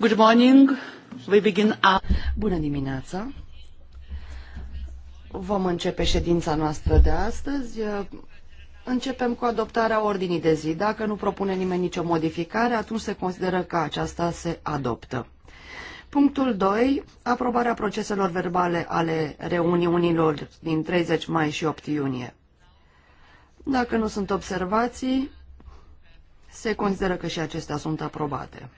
Good morning. We begin Bună dimineața. Vom începe ședința noastră de astăzi. Începem cu adoptarea ordinii de zi. Dacă nu propune nimeni nicio modificare, atunci se consideră că aceasta se adoptă. Punctul 2. Aprobarea proceselor verbale ale reuniunilor din 30 mai și 8 iunie. Dacă nu sunt observații, se consideră că și acestea sunt aprobate.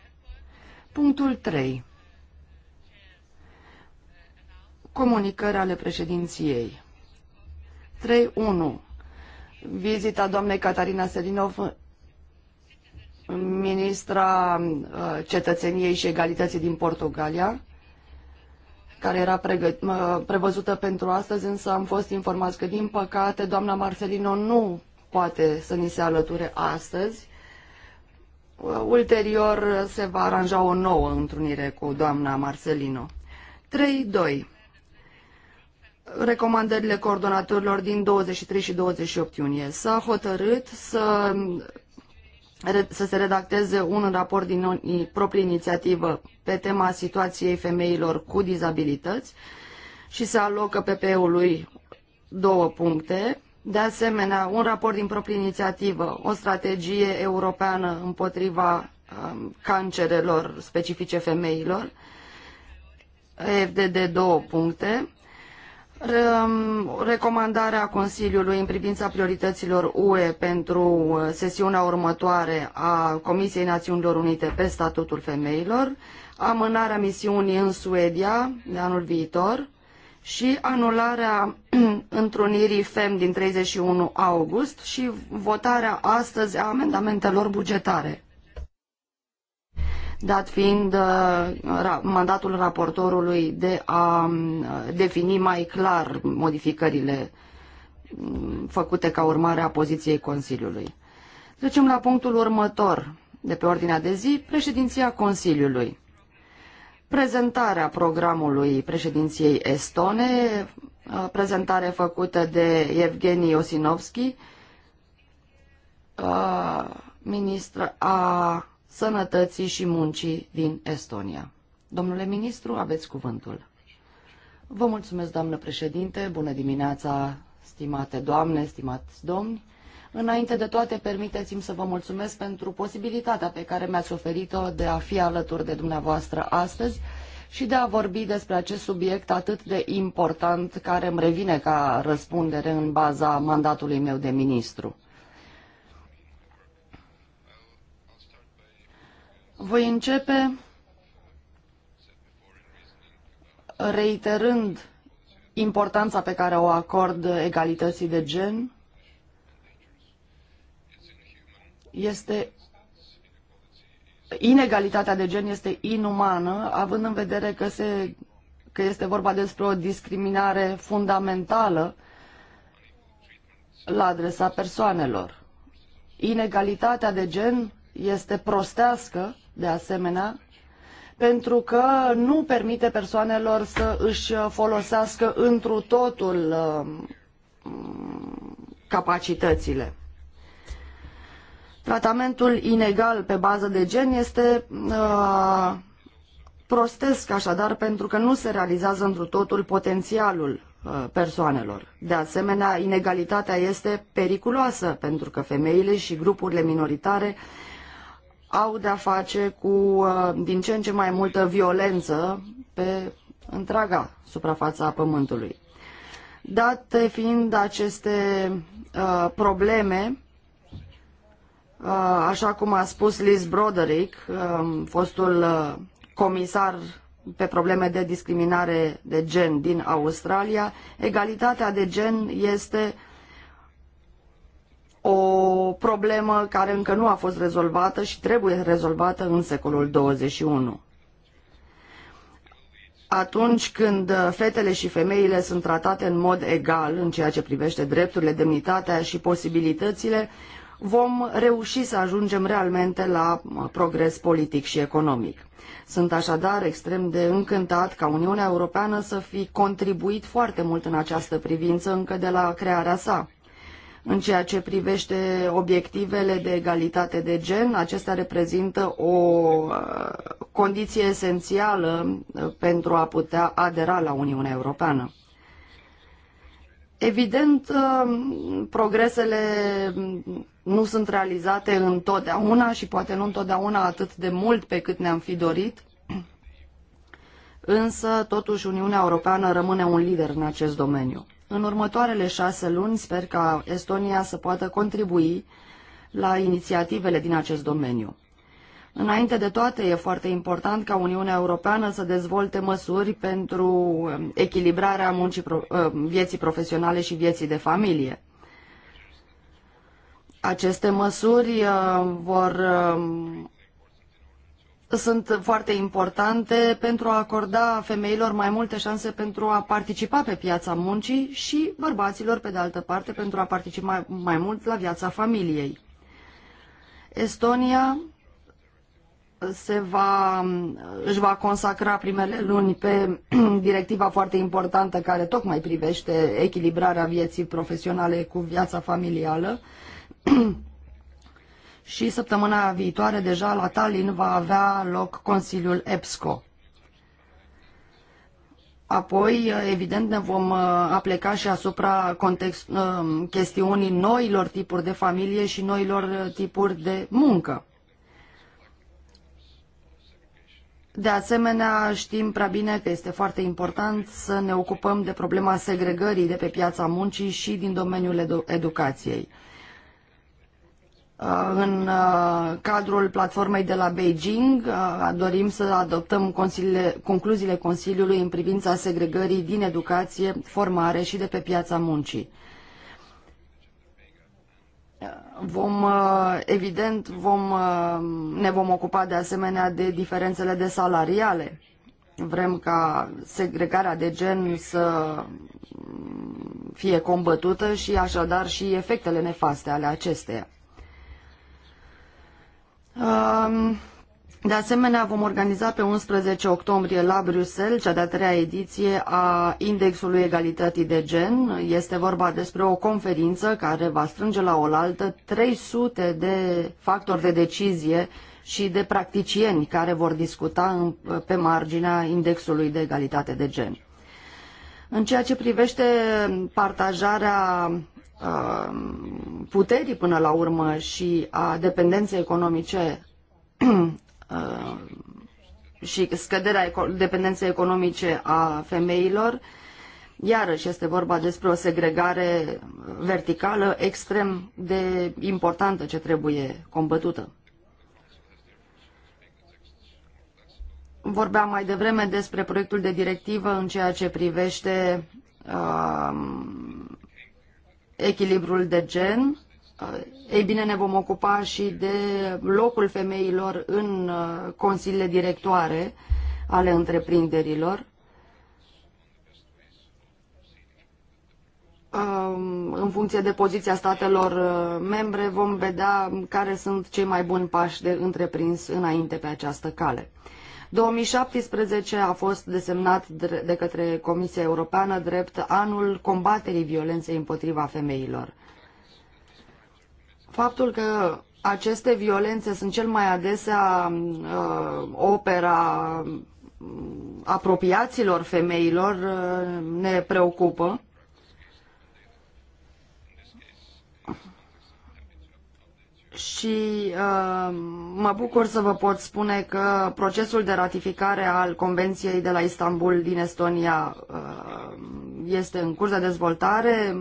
Punctul 3. Comunicări ale președinției. 3.1. Vizita doamnei Catarina Selinov, ministra uh, cetățeniei și egalității din Portugalia, care era uh, prevăzută pentru astăzi, însă am fost informați că, din păcate, doamna Marcelino nu poate să ni se alăture astăzi Ulterior se va aranja o nouă întrunire cu doamna Marcelino. 3.2. Recomandările coordonatorilor din 23 și 28 iunie. S-a hotărât să, să se redacteze un raport din proprie inițiativă pe tema situației femeilor cu dizabilități și se alocă PP-ului două puncte de asemenea, un raport din proprie inițiativă, o strategie europeană împotriva um, cancerelor specifice femeilor, FDD două puncte, um, recomandarea Consiliului în privința priorităților UE pentru uh, sesiunea următoare a Comisiei Națiunilor Unite pe statutul femeilor, amânarea misiunii în Suedia de anul viitor, și anularea întrunirii FEM din 31 august și votarea astăzi a amendamentelor bugetare. Dat fiind uh, mandatul raportorului de a um, defini mai clar modificările um, făcute ca urmare a poziției Consiliului. Trecem la punctul următor de pe ordinea de zi, președinția Consiliului prezentarea programului președinției estone, prezentare făcută de Evgeni Osinovski, ministru a Sănătății și Muncii din Estonia. Domnule ministru, aveți cuvântul. Vă mulțumesc, doamnă președinte, bună dimineața, stimate doamne, stimați domni. Înainte de toate, permiteți-mi să vă mulțumesc pentru posibilitatea pe care mi-ați oferit-o de a fi alături de dumneavoastră astăzi și de a vorbi despre acest subiect atât de important care îmi revine ca răspundere în baza mandatului meu de ministru. Voi începe reiterând importanța pe care o acord egalității de gen este inegalitatea de gen este inumană, având în vedere că, se, că este vorba despre o discriminare fundamentală la adresa persoanelor. Inegalitatea de gen este prostească, de asemenea, pentru că nu permite persoanelor să își folosească întru totul um, capacitățile. Tratamentul inegal pe bază de gen este uh, prostesc așadar pentru că nu se realizează întru totul potențialul uh, persoanelor. De asemenea, inegalitatea este periculoasă pentru că femeile și grupurile minoritare au de-a face cu uh, din ce în ce mai multă violență pe întreaga suprafață a pământului. Date fiind aceste uh, probleme, Uh, așa cum a spus Liz Broderick, um, fostul uh, comisar pe probleme de discriminare de gen din Australia, egalitatea de gen este o problemă care încă nu a fost rezolvată și trebuie rezolvată în secolul 21. Atunci când fetele și femeile sunt tratate în mod egal în ceea ce privește drepturile, demnitatea și posibilitățile, vom reuși să ajungem realmente la uh, progres politic și economic. Sunt așadar extrem de încântat ca Uniunea Europeană să fi contribuit foarte mult în această privință încă de la crearea sa. În ceea ce privește obiectivele de egalitate de gen, acestea reprezintă o uh, condiție esențială uh, pentru a putea adera la Uniunea Europeană. Evident, uh, progresele nu sunt realizate întotdeauna și poate nu întotdeauna atât de mult pe cât ne-am fi dorit, însă totuși Uniunea Europeană rămâne un lider în acest domeniu. În următoarele șase luni sper ca Estonia să poată contribui la inițiativele din acest domeniu. Înainte de toate, e foarte important ca Uniunea Europeană să dezvolte măsuri pentru um, echilibrarea muncii, um, vieții profesionale și vieții de familie. Aceste măsuri um, vor sunt foarte importante pentru a acorda femeilor mai multe șanse pentru a participa pe piața muncii și bărbaților, pe de altă parte, pentru a participa mai, mai mult la viața familiei. Estonia se va, își va consacra primele luni pe directiva foarte importantă care tocmai privește echilibrarea vieții profesionale cu viața familială. și săptămâna viitoare deja la Tallinn va avea loc Consiliul EPSCO. Apoi, evident, ne vom uh, apleca și asupra context, uh, chestiunii noilor tipuri de familie și noilor tipuri de muncă. De asemenea, știm prea bine că este foarte important să ne ocupăm de problema segregării de pe piața muncii și din domeniul edu educației. Uh, în uh, cadrul platformei de la Beijing uh, dorim să adoptăm concluziile Consiliului în privința segregării din educație, formare și de pe piața muncii. Vom, uh, evident, vom, uh, ne vom ocupa de asemenea de diferențele de salariale. Vrem ca segregarea de gen să fie combătută și așadar și efectele nefaste ale acesteia. Um, de asemenea, vom organiza pe 11 octombrie la Bruxelles cea de-a treia ediție a Indexului Egalității de Gen. Este vorba despre o conferință care va strânge la oaltă 300 de factori de decizie și de practicieni care vor discuta pe marginea Indexului de Egalitate de Gen. În ceea ce privește partajarea uh, puterii până la urmă și a dependenței economice Uh, și scăderea dependenței economice a femeilor. Iarăși este vorba despre o segregare verticală extrem de importantă ce trebuie combătută. Vorbeam mai devreme despre proiectul de directivă în ceea ce privește uh, echilibrul de gen ei bine, ne vom ocupa și de locul femeilor în uh, consiliile directoare ale întreprinderilor. Um, în funcție de poziția statelor uh, membre vom vedea care sunt cei mai buni pași de întreprins înainte pe această cale. 2017 a fost desemnat de către Comisia Europeană drept anul combaterii violenței împotriva femeilor faptul că aceste violențe sunt cel mai adesea uh, opera mm, apropiaților femeilor uh, ne preocupă. și uh, mă bucur să vă pot spune că procesul de ratificare al Convenției de la Istanbul din Estonia uh, este în curs de dezvoltare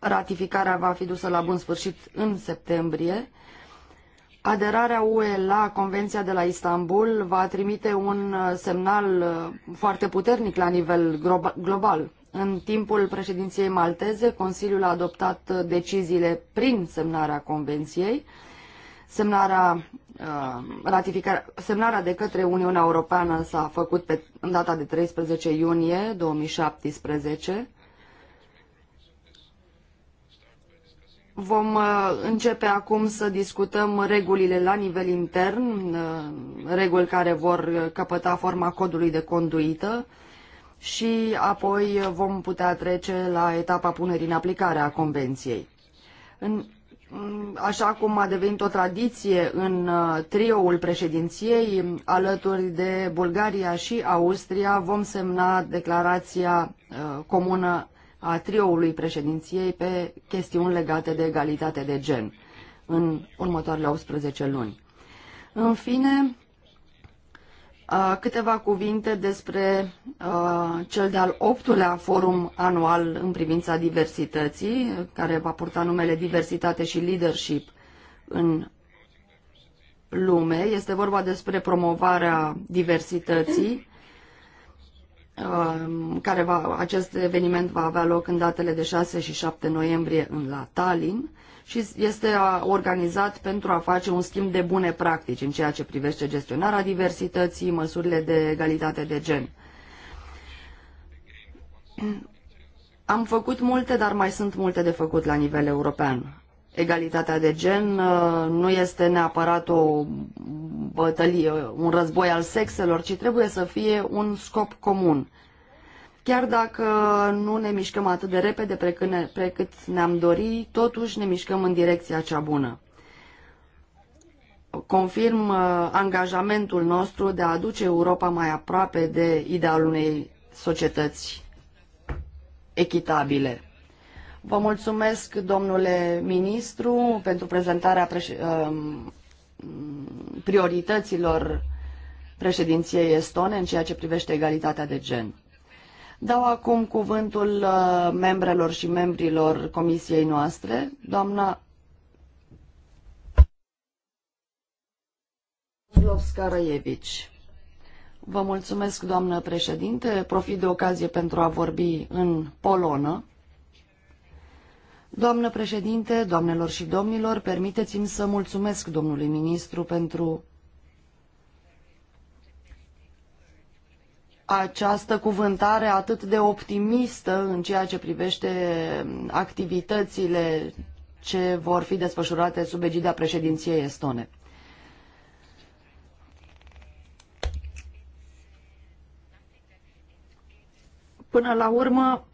ratificarea va fi dusă la bun sfârșit în septembrie. Aderarea UE la Convenția de la Istanbul va trimite un uh, semnal uh, foarte puternic la nivel global. În timpul președinției malteze, Consiliul a adoptat uh, deciziile prin semnarea Convenției, semnarea, ratificarea, semnarea de către Uniunea Europeană s-a făcut pe în data de 13 iunie 2017, Vom uh, începe acum să discutăm regulile la nivel intern, uh, reguli care vor căpăta forma codului de conduită și apoi vom putea trece la etapa punerii în aplicare a convenției. În, mm, așa cum a devenit o tradiție în uh, trioul președinției, alături de Bulgaria și Austria, vom semna declarația comună a trioului președinției pe chestiuni legate de egalitate de gen în următoarele 18 luni. În fine, câteva cuvinte despre cel de-al optulea forum anual în privința diversității, care va purta numele Diversitate și Leadership în lume. Este vorba despre promovarea diversității Um, care va, acest eveniment va avea loc în datele de 6 și 7 noiembrie în la Tallinn și este organizat pentru a face un schimb de bune practici în ceea ce privește gestionarea diversității, măsurile de egalitate de gen. Am făcut multe, dar mai sunt multe de făcut la nivel european egalitatea de gen uh, nu este neapărat o bătălie, un război al sexelor, ci trebuie să fie un scop comun. Chiar dacă nu ne mișcăm atât de repede precât ne-am dori, totuși ne mișcăm în direcția cea bună. Confirm uh, angajamentul nostru de a aduce Europa mai aproape de idealul unei societăți echitabile. Vă mulțumesc, domnule ministru, pentru prezentarea um, priorităților președinției estone în ceea ce privește egalitatea de gen. Dau acum cuvântul uh, membrelor și membrilor comisiei noastre. Doamna Lovskaraievici. Vă mulțumesc, doamnă președinte. Profit de ocazie pentru a vorbi în polonă. Doamnă președinte, doamnelor și domnilor, permiteți-mi să mulțumesc domnului ministru pentru această cuvântare atât de optimistă în ceea ce privește activitățile ce vor fi desfășurate sub egida președinției estone. Până la urmă,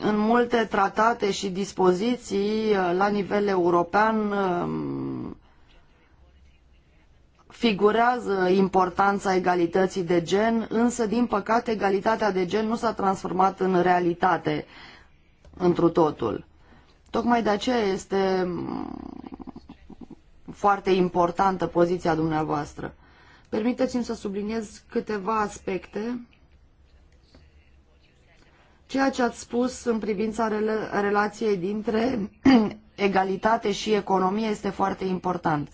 în multe tratate și dispoziții uh, la nivel european um, figurează importanța egalității de gen, însă, din păcate, egalitatea de gen nu s-a transformat în realitate întru totul. Tocmai de aceea este um, foarte importantă poziția dumneavoastră. Permiteți-mi să subliniez câteva aspecte ceea ce ați spus în privința rela relației dintre egalitate și economie este foarte important.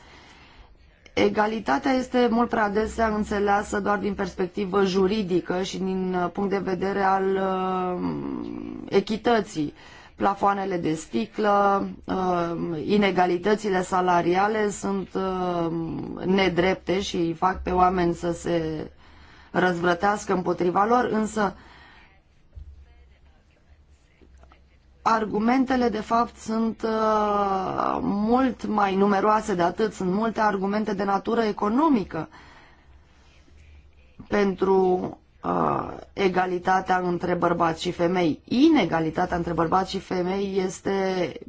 Egalitatea este mult prea adesea înțeleasă doar din perspectivă juridică și din uh, punct de vedere al uh, echității. Plafoanele de sticlă, uh, inegalitățile salariale sunt uh, nedrepte și îi fac pe oameni să se răzvrătească împotriva lor, însă uh, argumentele de fapt sunt uh, mult mai numeroase de atât, sunt multe argumente de natură economică pentru uh, egalitatea între bărbați și femei. Inegalitatea între bărbați și femei este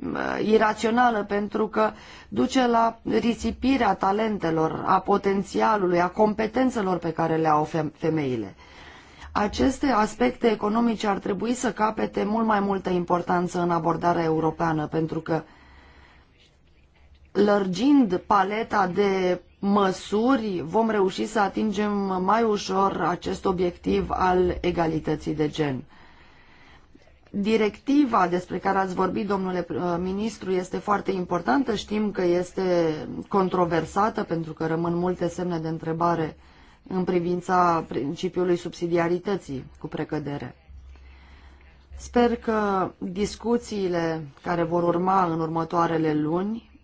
uh, irațională pentru că duce la risipirea talentelor, a potențialului, a competențelor pe care le au femeile. Uh, aceste aspecte economice ar trebui să capete mult mai multă importanță în abordarea europeană, pentru că lărgind paleta de măsuri vom reuși să atingem mai ușor acest obiectiv al egalității de gen. Directiva despre care ați vorbit, domnule uh, ministru, este foarte importantă. Știm că este controversată pentru că rămân multe semne de întrebare uh, în privința principiului subsidiarității cu precădere. Sper că discuțiile care vor urma în următoarele luni,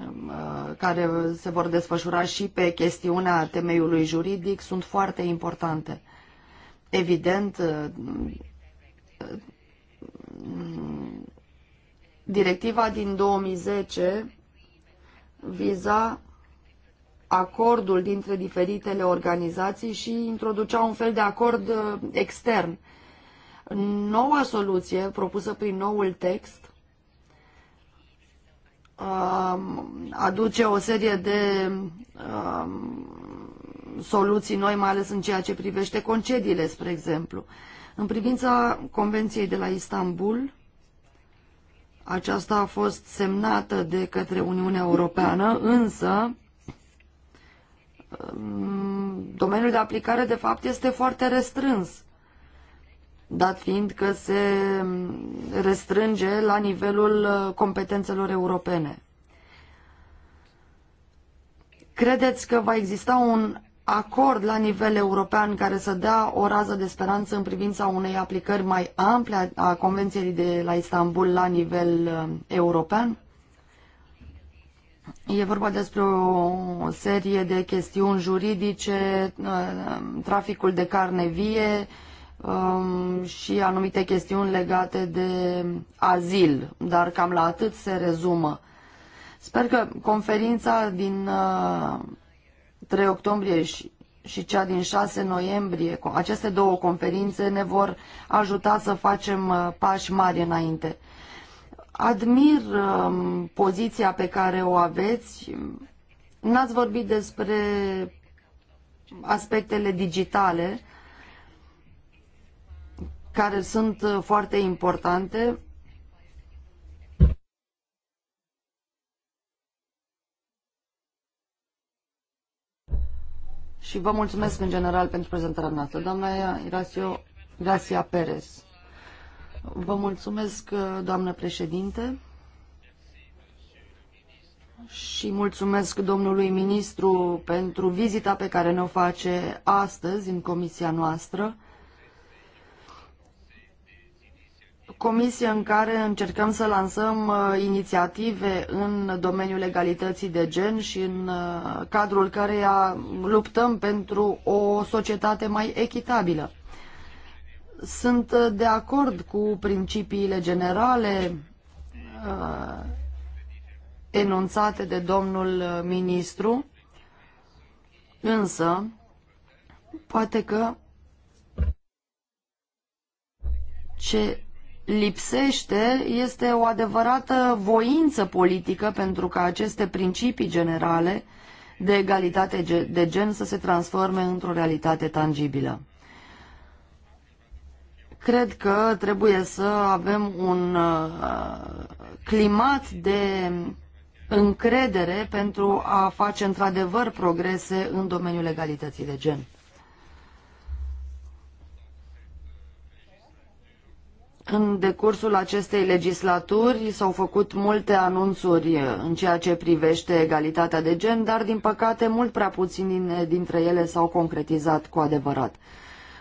um, uh, care se vor desfășura și pe chestiunea temeiului juridic, sunt foarte importante. Evident, uh, directiva din 2010 viza acordul dintre diferitele organizații și introducea un fel de acord uh, extern. Noua soluție propusă prin noul text um, aduce o serie de um, soluții noi, mai ales în ceea ce privește concediile, spre exemplu. În privința Convenției de la Istanbul, aceasta a fost semnată de către Uniunea Europeană, însă Mm, domeniul de aplicare de fapt este foarte restrâns, dat fiind că se restrânge la nivelul uh, competențelor europene. Credeți că va exista un acord la nivel european care să dea o rază de speranță în privința unei aplicări mai ample a Convenției de la Istanbul la nivel uh, european? E vorba despre o serie de chestiuni juridice, uh, traficul de carne vie um, și anumite chestiuni legate de azil, dar cam la atât se rezumă. Sper că conferința din 3 uh, octombrie și, și cea din 6 noiembrie, aceste două conferințe ne vor ajuta să facem uh, pași mari înainte. Admir um, poziția pe care o aveți. N-ați vorbit despre aspectele digitale care sunt uh, foarte importante. Și vă mulțumesc în general pentru prezentarea noastră. Doamna Irasio Gracia Perez. Vă mulțumesc, doamnă președinte, și mulțumesc domnului ministru pentru vizita pe care ne-o face astăzi în comisia noastră, comisie în care încercăm să lansăm uh, inițiative în domeniul legalității de gen și în uh, cadrul căreia luptăm pentru o societate mai echitabilă. Sunt uh, de acord cu principiile generale uh, enunțate de domnul uh, ministru, însă poate că ce lipsește este o adevărată voință politică pentru ca aceste principii generale de egalitate de gen să se transforme într-o realitate tangibilă. Cred că trebuie să avem un uh, climat de încredere pentru a face într-adevăr progrese în domeniul legalității de gen. În decursul acestei legislaturi s-au făcut multe anunțuri uh, în ceea ce privește egalitatea de gen, dar din păcate mult prea puțini dintre ele s-au concretizat cu adevărat.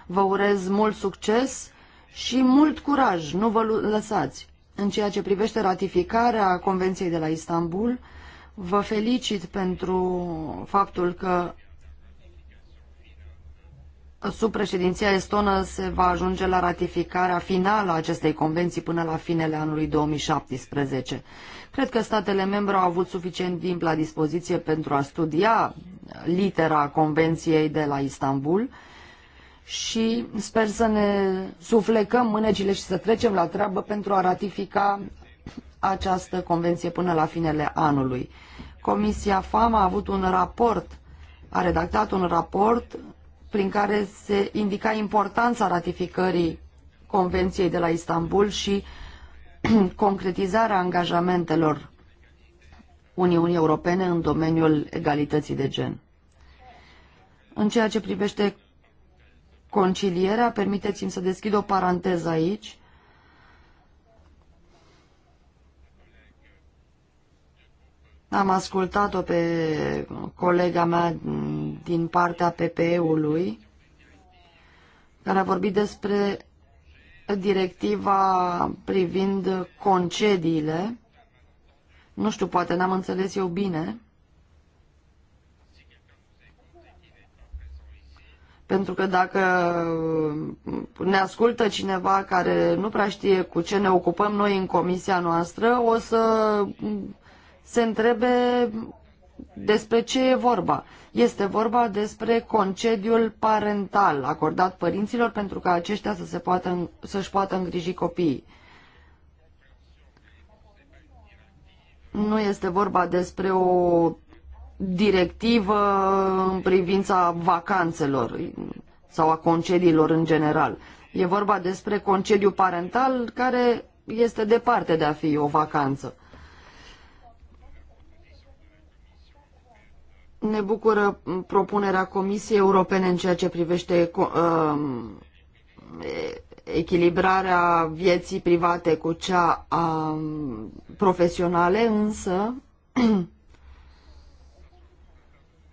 Vă urez mult succes și mult curaj, nu vă lăsați. În ceea ce privește ratificarea Convenției de la Istanbul, vă felicit pentru faptul că sub președinția estonă se va ajunge la ratificarea finală a acestei convenții până la finele anului 2017. Cred că statele membre au avut suficient timp la dispoziție pentru a studia litera Convenției de la Istanbul și sper să ne suflecăm mânecile și să trecem la treabă pentru a ratifica această convenție până la finele anului. Comisia FAM a avut un raport, a redactat un raport prin care se indica importanța ratificării Convenției de la Istanbul și concretizarea angajamentelor Uniunii Europene în domeniul egalității de gen. În ceea ce privește concilierea. Permiteți-mi să deschid o paranteză aici. Am ascultat-o pe colega mea din partea PPE-ului, care a vorbit despre directiva privind concediile. Nu știu, poate n-am înțeles eu bine. Pentru că dacă ne ascultă cineva care nu prea știe cu ce ne ocupăm noi în comisia noastră, o să se întrebe despre ce e vorba. Este vorba despre concediul parental acordat părinților pentru ca aceștia să se poată, să-și poată îngriji copiii. Nu este vorba despre o directivă în privința vacanțelor sau a concediilor în general. E vorba despre concediu parental care este departe de a fi o vacanță. Ne bucură propunerea Comisiei Europene în ceea ce privește uh, echilibrarea vieții private cu cea a profesionale, însă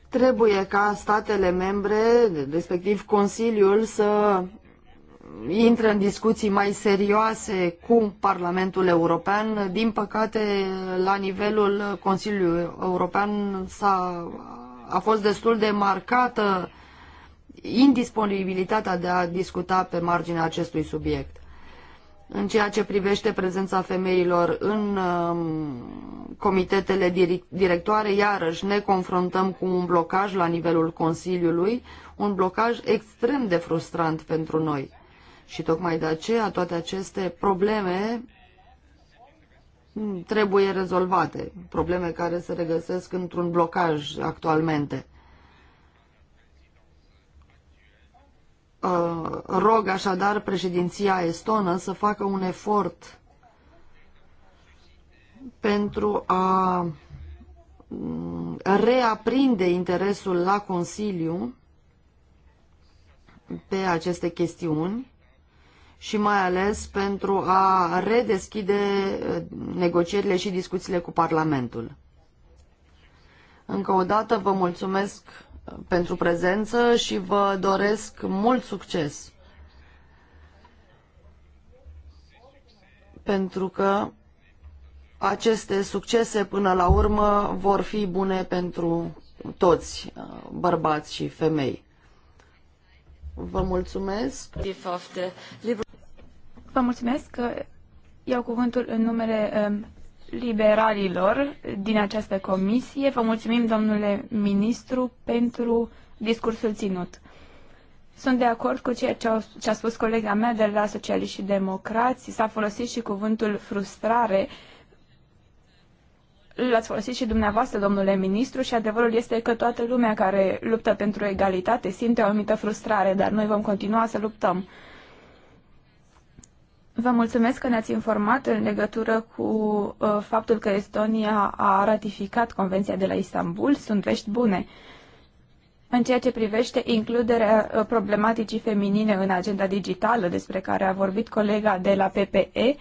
Trebuie ca statele membre, respectiv Consiliul, să intră în discuții mai serioase cu Parlamentul European. Din păcate, la nivelul Consiliului European s-a, a fost destul de marcată indisponibilitatea de a discuta pe marginea acestui subiect în ceea ce privește prezența femeilor în um, comitetele directoare, iarăși ne confruntăm cu un blocaj la nivelul Consiliului, un blocaj extrem de frustrant pentru noi. Și tocmai de aceea toate aceste probleme trebuie rezolvate, probleme care se regăsesc într-un blocaj actualmente. Uh, rog așadar președinția estonă să facă un efort pentru a mm, reaprinde interesul la Consiliu pe aceste chestiuni și mai ales pentru a redeschide uh, negocierile și discuțiile cu Parlamentul. Încă o dată vă mulțumesc pentru prezență și vă doresc mult succes. Pentru că aceste succese până la urmă vor fi bune pentru toți, uh, bărbați și femei. Vă mulțumesc. Vă mulțumesc. Iau cuvântul în numele um, liberalilor din această comisie. Vă mulțumim, domnule ministru, pentru discursul ținut. Sunt de acord cu ceea ce, ce a spus colega mea de la Socialiști și Democrați. S-a folosit și cuvântul frustrare. L-ați folosit și dumneavoastră, domnule ministru, și adevărul este că toată lumea care luptă pentru egalitate simte o anumită frustrare, dar noi vom continua să luptăm. Vă mulțumesc că ne-ați informat în legătură cu uh, faptul că Estonia a ratificat Convenția de la Istanbul. Sunt vești bune. În ceea ce privește includerea uh, problematicii feminine în agenda digitală despre care a vorbit colega de la PPE,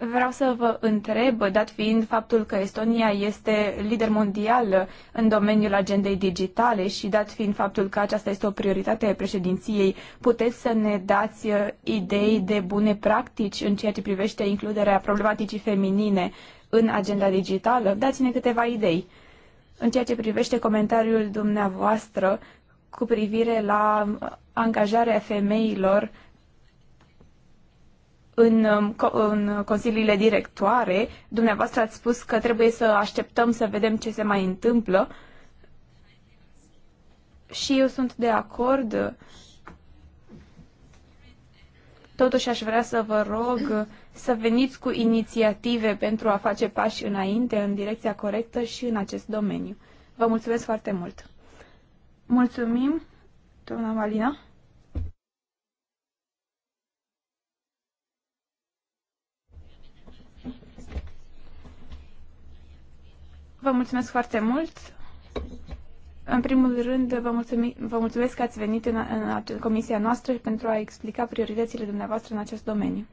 Vreau să vă întreb, dat fiind faptul că Estonia este lider mondial în domeniul agendei digitale și dat fiind faptul că aceasta este o prioritate a președinției, puteți să ne dați uh, idei de bune practici în ceea ce privește includerea problematicii feminine în agenda digitală? Dați-ne câteva idei. În ceea ce privește comentariul dumneavoastră cu privire la angajarea femeilor în, um, în consiliile directoare, dumneavoastră ați spus că trebuie să așteptăm să vedem ce se mai întâmplă. Și eu sunt de acord. Totuși aș vrea să vă rog să veniți cu inițiative pentru a face pași înainte în direcția corectă și în acest domeniu. Vă mulțumesc foarte mult. Mulțumim, doamna Malina. Vă mulțumesc foarte mult. În primul rând, vă, mulțumi, vă mulțumesc că ați venit în, în comisia noastră pentru a explica prioritățile dumneavoastră în acest domeniu.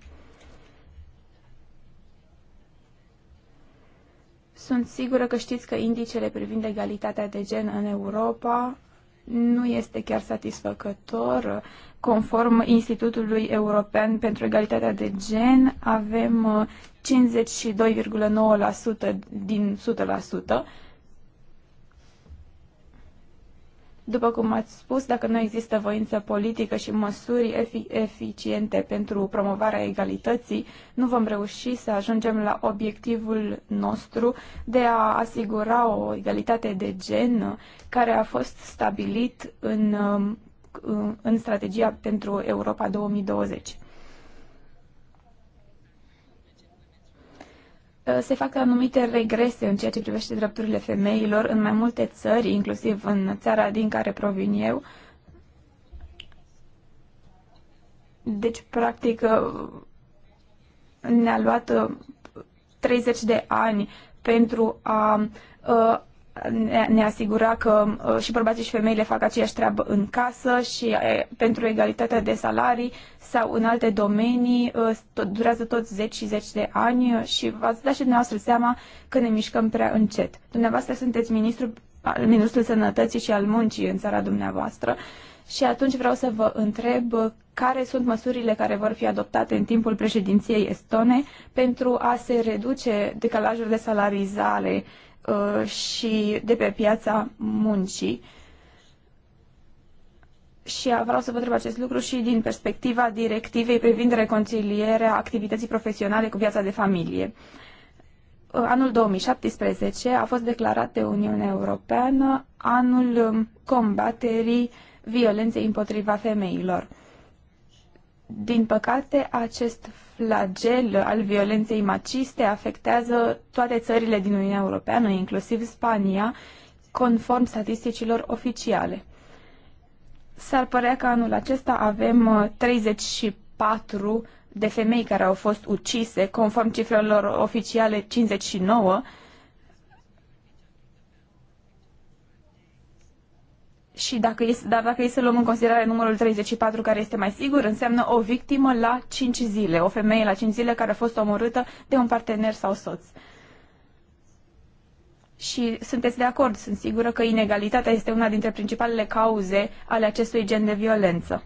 Sunt sigură că știți că indicele privind egalitatea de gen în Europa nu este chiar satisfăcător. Conform Institutului European pentru Egalitatea de Gen, avem 52,9% uh, din După cum ați spus, dacă nu există voință politică și măsuri eficiente pentru promovarea egalității, nu vom reuși să ajungem la obiectivul nostru de a asigura o egalitate de gen care a fost stabilit în, în strategia pentru Europa 2020. Uh, se fac anumite regrese în ceea ce privește drepturile femeilor în mai multe țări, inclusiv în țara din care provin eu. Deci, practic, uh, ne-a luat 30 uh, de ani pentru a ne asigura că uh, și bărbații și femeile fac aceeași treabă în casă și pentru egalitatea de salarii sau în alte domenii uh, durează tot 10 și 10 de ani și v-ați dat și dumneavoastră seama că ne mișcăm prea încet. Dumneavoastră sunteți ministru, uh, ministrul sănătății și al muncii în țara dumneavoastră și atunci vreau să vă întreb care sunt măsurile care vor fi adoptate în timpul președinției estone pentru a se reduce decalajul de salarizare uh, Uh, și de pe piața muncii. Și vreau să vă întreb acest lucru și din perspectiva directivei privind reconcilierea activității profesionale cu viața de familie. Uh, anul 2017 a fost declarat de Uniunea Europeană anul um, combaterii violenței împotriva femeilor. Din păcate, acest flagel al violenței maciste afectează toate țările din Uniunea Europeană, inclusiv Spania, conform statisticilor oficiale. S-ar părea că anul acesta avem 34 uh, de femei care au fost ucise, conform cifrelor oficiale 59, Și dacă e, dar dacă e să luăm în considerare numărul 34, care este mai sigur, înseamnă o victimă la 5 zile, o femeie la 5 zile care a fost omorâtă de un partener sau soț. Și sunteți de acord, sunt sigură că inegalitatea este una dintre principalele cauze ale acestui gen de violență.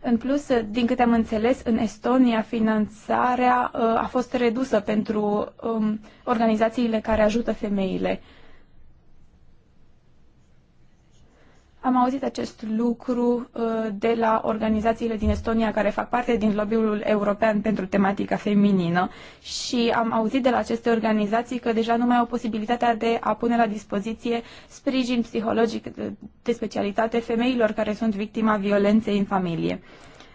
În plus, din câte am înțeles, în Estonia finanțarea uh, a fost redusă pentru um, organizațiile care ajută femeile. Uh, Am auzit acest lucru uh, de la organizațiile din Estonia care fac parte din lobby-ul european pentru tematica feminină și am auzit de la aceste organizații că deja nu mai au posibilitatea de a pune la dispoziție sprijin psihologic uh, de specialitate femeilor care sunt victima violenței în familie.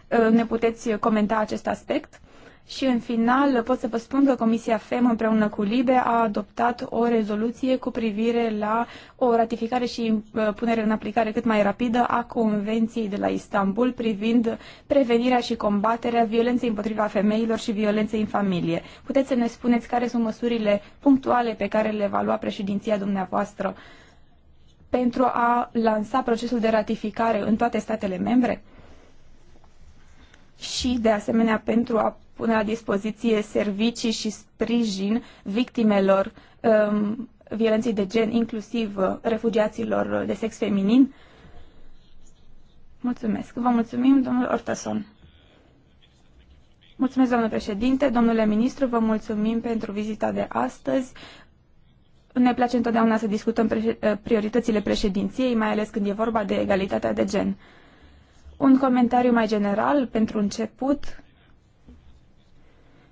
Uh, ne puteți comenta acest aspect? Și în final pot să vă spun că Comisia FEM împreună cu LIBE a adoptat o rezoluție cu privire la o ratificare și uh, punere în aplicare cât mai rapidă a Convenției de la Istanbul privind prevenirea și combaterea violenței împotriva femeilor și violenței în familie. Puteți să ne spuneți care sunt măsurile punctuale pe care le va lua președinția dumneavoastră pentru a lansa procesul de ratificare în toate statele membre? și, de asemenea, pentru a pune la dispoziție servicii și sprijin victimelor um, violenței de gen, inclusiv uh, refugiaților uh, de sex feminin? Mulțumesc. Vă mulțumim, domnul Ortason. Mulțumesc, domnule președinte, domnule ministru, vă mulțumim pentru vizita de astăzi. Ne place întotdeauna să discutăm uh, prioritățile președinției, mai ales când e vorba de egalitatea de gen. Un comentariu mai general pentru început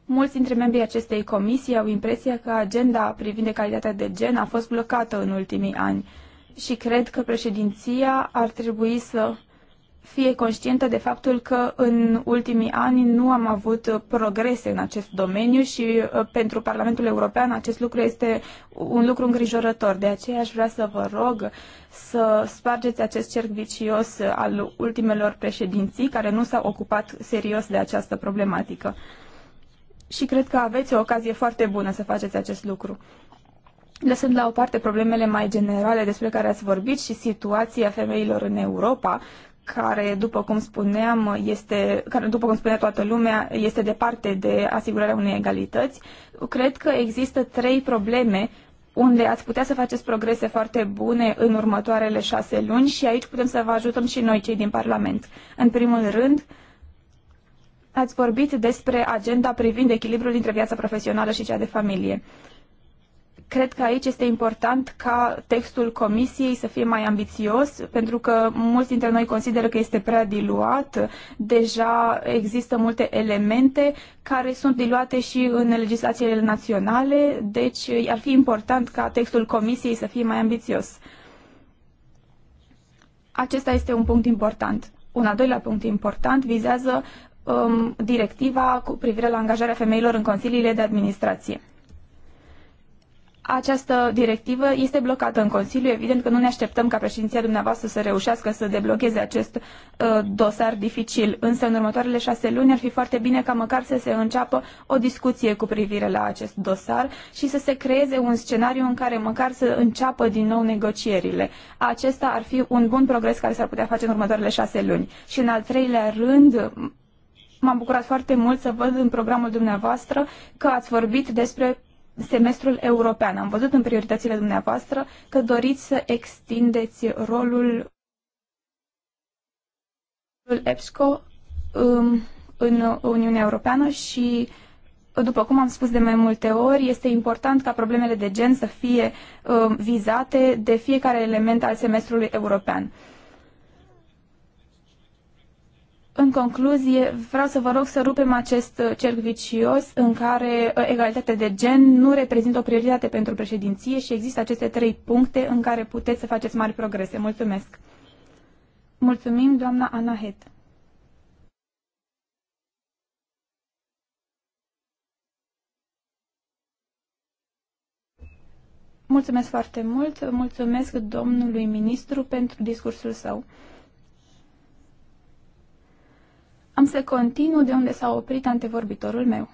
Mulți dintre membrii acestei comisii au impresia că agenda privind egalitatea de gen a fost blocată în ultimii ani și cred că președinția ar trebui să fie conștientă de faptul că în ultimii ani nu am avut progrese în acest domeniu și uh, pentru Parlamentul European acest lucru este un lucru îngrijorător. De aceea aș vrea să vă rog să spargeți acest cerc vicios al ultimelor președinții care nu s-au ocupat serios de această problematică și cred că aveți o ocazie foarte bună să faceți acest lucru. Lăsând la o parte problemele mai generale despre care ați vorbit și situația femeilor în Europa, care, după cum spuneam, este, care, după cum spunea toată lumea, este departe de asigurarea unei egalități, cred că există trei probleme unde ați putea să faceți progrese foarte bune în următoarele șase luni și aici putem să vă ajutăm și noi, cei din Parlament. În primul rând, Ați vorbit despre agenda privind echilibrul dintre viața profesională și cea de familie. Cred că aici este important ca textul comisiei să fie mai ambițios, pentru că mulți dintre noi consideră că este prea diluat. Deja există multe elemente care sunt diluate și în legislațiile naționale, deci ar fi important ca textul comisiei să fie mai ambițios. Acesta este un punct important. Un al doilea punct important vizează um, directiva cu privire la angajarea femeilor în consiliile de administrație. Această directivă este blocată în Consiliu. Evident că nu ne așteptăm ca președinția dumneavoastră să reușească să deblocheze acest uh, dosar dificil, însă în următoarele șase luni ar fi foarte bine ca măcar să se înceapă o discuție cu privire la acest dosar și să se creeze un scenariu în care măcar să înceapă din nou negocierile. Acesta ar fi un bun progres care s-ar putea face în următoarele șase luni. Și în al treilea rând, m-am bucurat foarte mult să văd în programul dumneavoastră că ați vorbit despre semestrul european. Am văzut în prioritățile dumneavoastră că doriți să extindeți rolul EPSCO um, în Uniunea Europeană și după cum am spus de mai multe ori, este important ca problemele de gen să fie um, vizate de fiecare element al semestrului european. În concluzie, vreau să vă rog să rupem acest uh, cerc vicios în care uh, egalitatea de gen nu reprezintă o prioritate pentru președinție și există aceste trei puncte în care puteți să faceți mari progrese. Mulțumesc! Mulțumim, doamna Ana Het. Mulțumesc foarte mult, mulțumesc domnului ministru pentru discursul său. Am să continu de unde s-a oprit antevorbitorul meu.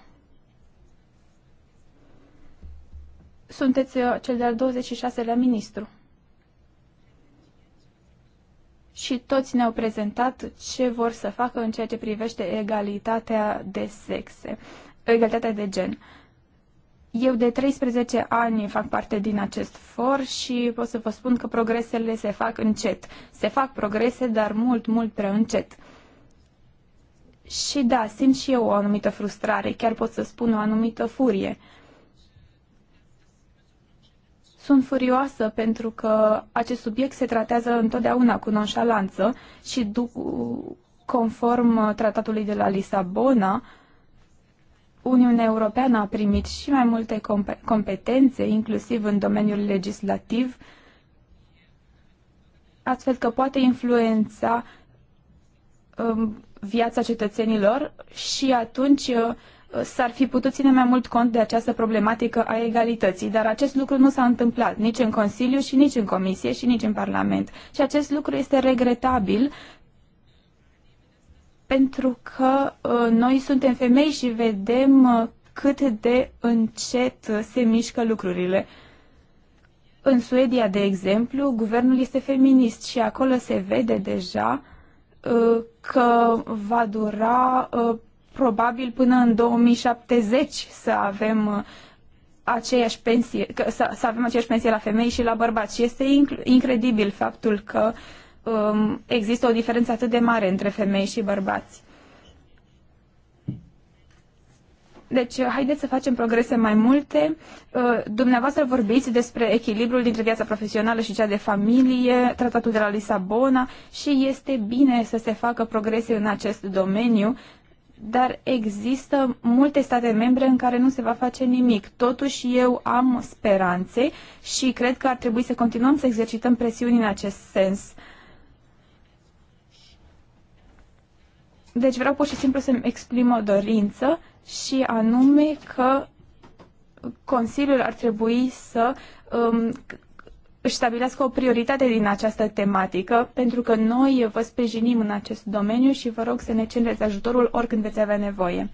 Sunteți uh, cel de-al 26-lea ministru. Și toți ne-au prezentat ce vor să facă în ceea ce privește egalitatea de sexe, egalitatea de gen. Eu de 13 ani fac parte din acest for și pot să vă spun că progresele se fac încet. Se fac progrese, dar mult, mult prea încet. Și da, simt și eu o anumită frustrare, chiar pot să spun o anumită furie. Sunt furioasă pentru că acest subiect se tratează întotdeauna cu nonșalanță și conform tratatului de la Lisabona, Uniunea Europeană a primit și mai multe competențe, inclusiv în domeniul legislativ, astfel că poate influența um, viața cetățenilor și atunci uh, s-ar fi putut ține mai mult cont de această problematică a egalității, dar acest lucru nu s-a întâmplat nici în Consiliu și nici în Comisie și nici în Parlament. Și acest lucru este regretabil pentru că uh, noi suntem femei și vedem uh, cât de încet se mișcă lucrurile. În Suedia, de exemplu, guvernul este feminist și acolo se vede deja Uh, că va dura uh, probabil până în 2070 să avem uh, aceeași pensie, că, să, să avem aceeași pensie la femei și la bărbați. Și este incredibil faptul că um, există o diferență atât de mare între femei și bărbați. Deci, haideți să facem progrese mai multe. Uh, dumneavoastră vorbiți despre echilibrul dintre viața profesională și cea de familie, tratatul de la Lisabona și este bine să se facă progrese în acest domeniu, dar există multe state membre în care nu se va face nimic. Totuși, eu am speranțe și cred că ar trebui să continuăm să exercităm presiuni în acest sens. Deci vreau pur și simplu să-mi exprim o dorință și anume că Consiliul ar trebui să um, își stabilească o prioritate din această tematică, pentru că noi vă sprijinim în acest domeniu și vă rog să ne cereți ajutorul oricând veți avea nevoie.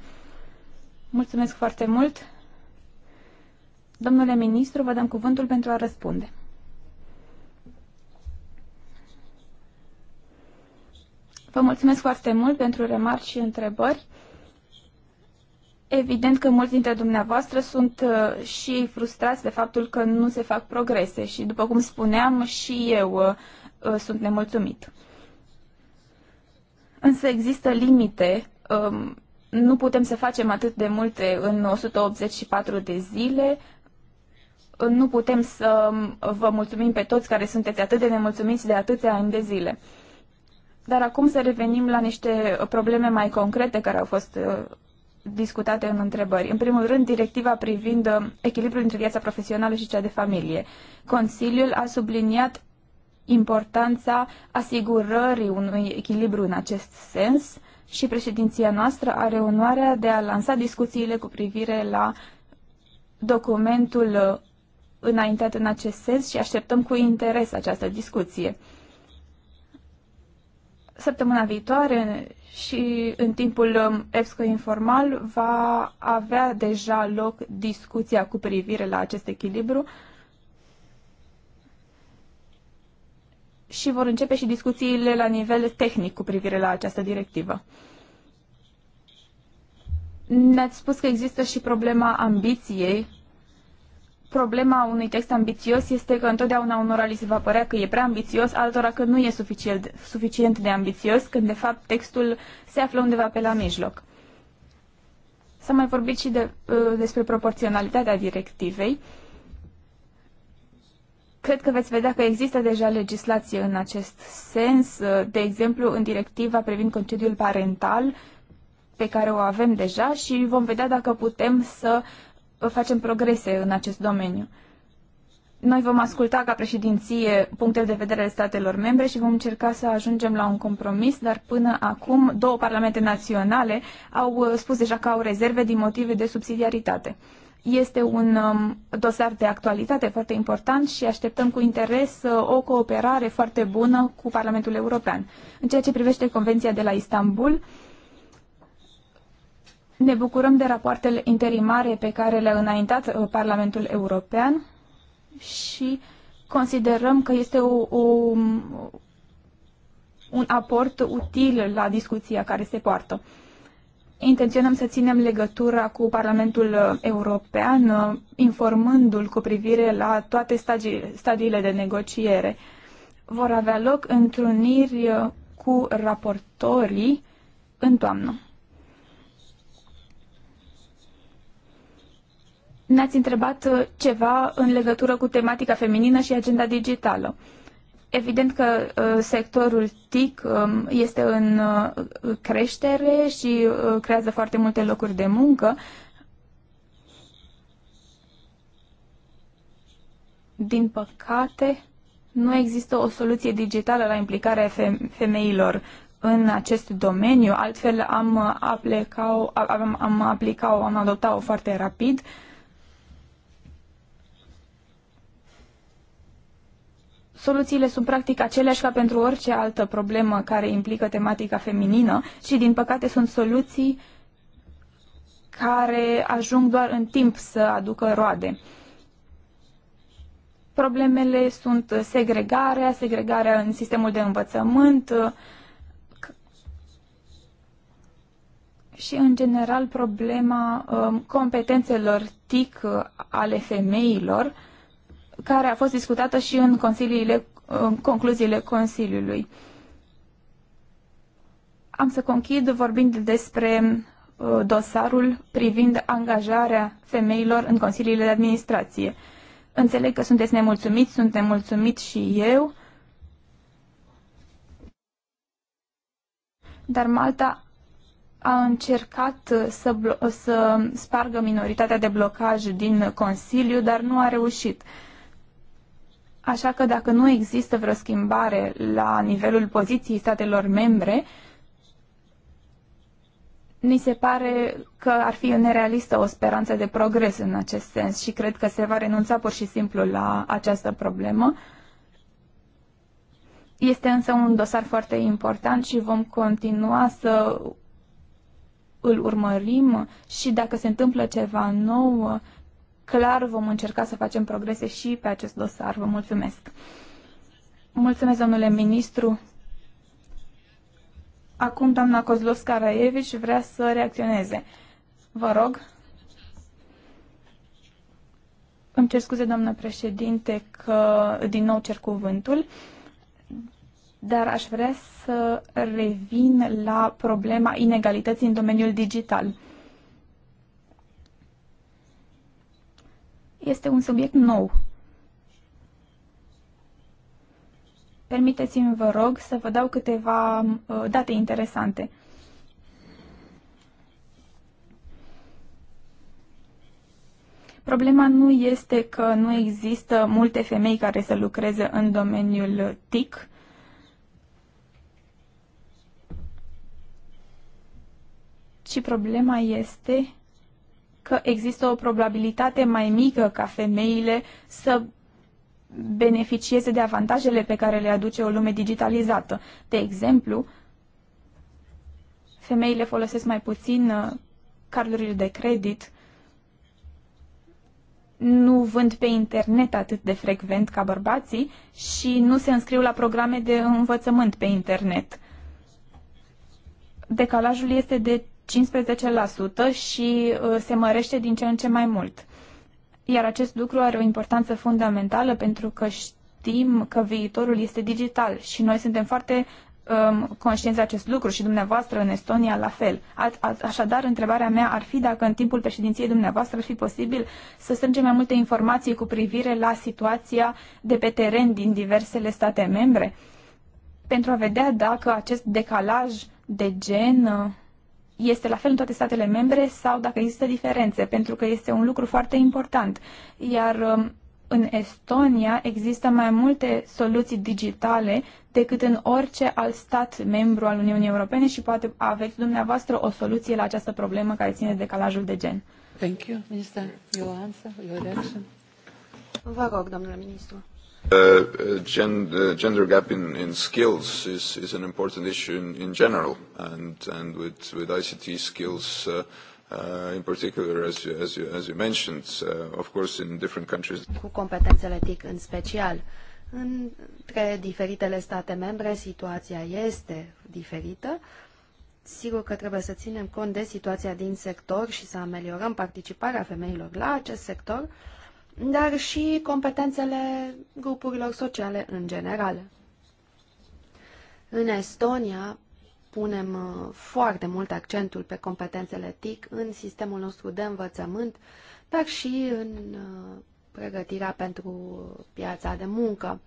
Mulțumesc foarte mult. Domnule ministru, vă dăm cuvântul pentru a răspunde. Vă mulțumesc foarte mult pentru remarci și întrebări. Evident că mulți dintre dumneavoastră sunt uh, și frustrați de faptul că nu se fac progrese și, după cum spuneam, și eu uh, uh, sunt nemulțumit. Însă există limite. Um, nu putem să facem atât de multe în 184 de zile. Nu putem să um, vă mulțumim pe toți care sunteți atât de nemulțumiți de atâția ani de zile. Dar acum să revenim la niște probleme mai concrete care au fost discutate în întrebări. În primul rând, directiva privind uh, echilibrul între viața profesională și cea de familie. Consiliul a subliniat importanța asigurării unui echilibru în acest sens și președinția noastră are onoarea de a lansa discuțiile cu privire la documentul uh, înaintat în acest sens și așteptăm cu interes această discuție. Săptămâna viitoare, și în timpul um, EFSCO informal va avea deja loc discuția cu privire la acest echilibru și vor începe și discuțiile la nivel tehnic cu privire la această directivă. Ne-ați spus că există și problema ambiției problema unui text ambițios este că întotdeauna unora li se va părea că e prea ambițios, altora că nu e suficient, suficient de ambițios, când de fapt textul se află undeva pe la mijloc. S-a mai vorbit și de, uh, despre proporționalitatea directivei. Cred că veți vedea că există deja legislație în acest sens, uh, de exemplu în directiva privind concediul parental, pe care o avem deja și vom vedea dacă putem să uh, facem progrese în acest domeniu. Noi vom asculta ca președinție punctele de vedere ale statelor membre și vom încerca să ajungem la un compromis, dar până acum două parlamente naționale au uh, spus deja că au rezerve din motive de subsidiaritate. Este un um, dosar de actualitate foarte important și așteptăm cu interes uh, o cooperare foarte bună cu Parlamentul European. În ceea ce privește Convenția de la Istanbul, uh, ne bucurăm de rapoartele interimare pe care le-a înaintat uh, Parlamentul European și considerăm că este o, o, un aport util la discuția care se poartă. Intenționăm să ținem legătura cu Parlamentul uh, European, uh, informându-l cu privire la toate stagii, stadiile de negociere. Vor avea loc întruniri cu raportorii în toamnă. Ne-ați întrebat uh, ceva în legătură cu tematica feminină și agenda digitală. Evident că uh, sectorul TIC um, este în uh, creștere și creează foarte multe locuri de muncă. Din păcate, nu există o soluție digitală la implicarea femeilor în acest domeniu, altfel am aplicat, am, am, aplicat, am adoptat-o foarte rapid. Uh, soluțiile sunt practic aceleași ca pentru orice altă problemă care implică tematica feminină și, din păcate, sunt soluții care ajung doar în timp să aducă roade. Problemele sunt segregarea, segregarea în sistemul de învățământ și, în general, problema um, competențelor TIC uh, ale femeilor, care a fost discutată și în consiliile, în concluziile Consiliului. Am să conchid vorbind despre uh, dosarul privind angajarea femeilor în consiliile de administrație. Înțeleg că sunteți nemulțumiți, sunt nemulțumit și eu, dar Malta a încercat uh, să, să spargă minoritatea de blocaj din Consiliu, dar nu a reușit. Așa că dacă nu există vreo schimbare la nivelul poziției statelor membre, ni se pare că ar fi nerealistă o speranță de progres în acest sens și cred că se va renunța pur și simplu la această problemă. Este însă un dosar foarte important și vom continua să îl urmărim și dacă se întâmplă ceva nou, clar vom încerca să facem progrese și pe acest dosar. Vă mulțumesc. Mulțumesc, domnule ministru. Acum doamna Kozlovska Raievici vrea să reacționeze. Vă rog. Îmi cer scuze, doamnă președinte, că din nou cer cuvântul, dar aș vrea să revin la problema inegalității în domeniul digital. Este un subiect nou. Permiteți-mi, vă rog, să vă dau câteva uh, date interesante. Problema nu este că nu există multe femei care să lucreze în domeniul TIC. Ci problema este că există o probabilitate mai mică ca femeile să beneficieze de avantajele pe care le aduce o lume digitalizată. De exemplu, femeile folosesc mai puțin uh, cardurile de credit, nu vând pe internet atât de frecvent ca bărbații și nu se înscriu la programe de învățământ pe internet. Decalajul este de 15% și uh, se mărește din ce în ce mai mult. Iar acest lucru are o importanță fundamentală pentru că știm că viitorul este digital și noi suntem foarte um, conștienți de acest lucru și dumneavoastră în Estonia la fel. A, a, așadar, întrebarea mea ar fi dacă în timpul președinției dumneavoastră ar fi posibil să strângem mai multe informații cu privire la situația de pe teren din diversele state membre pentru a vedea dacă acest decalaj de gen uh, este la fel în toate statele membre sau dacă există diferențe, pentru că este un lucru foarte important. Iar um, în Estonia există mai multe soluții digitale decât în orice alt stat membru al Uniunii Europene și poate aveți dumneavoastră o soluție la această problemă care ține de decalajul de gen. Thank you, Minister. Your answer, your reaction. Vă rog, domnule ministru. Uh, uh, gen, uh, gender gap in, in skills is, is an important issue in, in general, and, and with, with ICT skills uh, uh, in particular, as you, as you, as you mentioned, uh, of course, in different countries. Cu competențele TIC în special. Între diferitele state membre, situația este diferită. Sigur că trebuie să ținem cont de situația din sector și să ameliorăm participarea femeilor la acest sector, dar și competențele grupurilor sociale în general. În Estonia punem uh, foarte mult accentul pe competențele TIC în sistemul nostru de învățământ, dar și în uh, pregătirea pentru piața de muncă.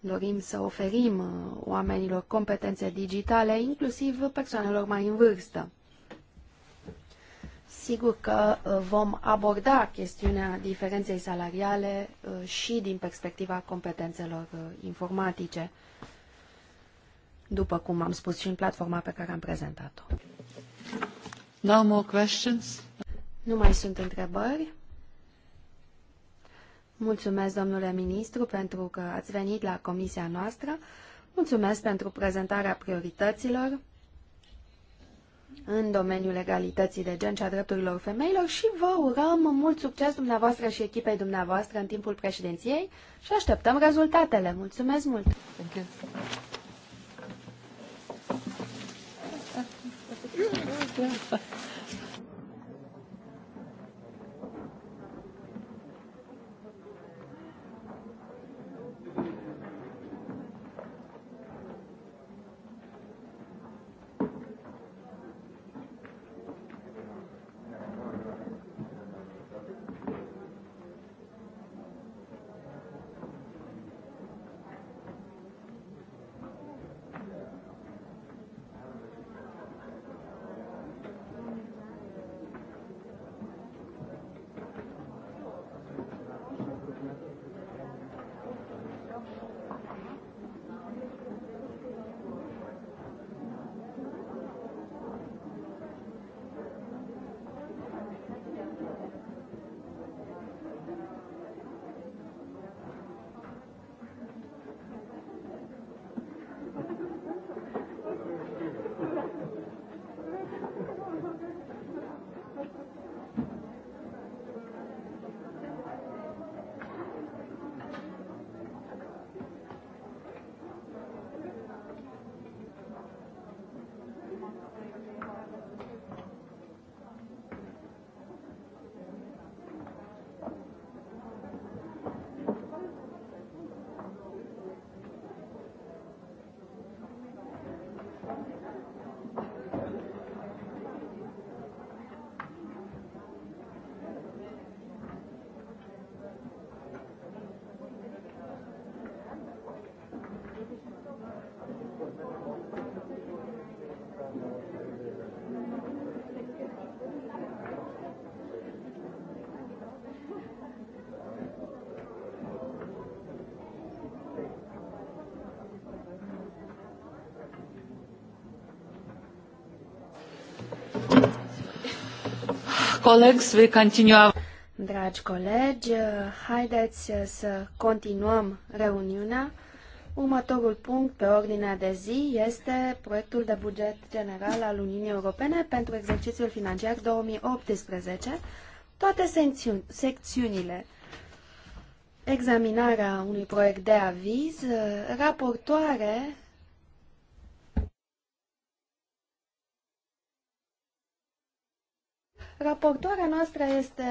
Dorim să oferim uh, oamenilor competențe digitale, inclusiv persoanelor mai în vârstă. Sigur că uh, vom aborda chestiunea diferenței salariale uh, și din perspectiva competențelor uh, informatice, după cum am spus și în platforma pe care am prezentat-o. No more questions. Nu mai sunt întrebări. Mulțumesc, domnule ministru, pentru că ați venit la comisia noastră. Mulțumesc pentru prezentarea priorităților în domeniul egalității de gen și a drepturilor femeilor și vă urăm mult succes dumneavoastră și echipei dumneavoastră în timpul președinției și așteptăm rezultatele. Mulțumesc mult! Thank you. Yeah. colleagues, we continue Dragi colegi, uh, haideți uh, să continuăm reuniunea. Următorul punct pe ordinea de zi este proiectul de buget general al Uniunii Europene pentru exercițiul financiar 2018, toate secțiunile. Examinarea unui proiect de aviz, uh, raportoare Raportoarea noastră este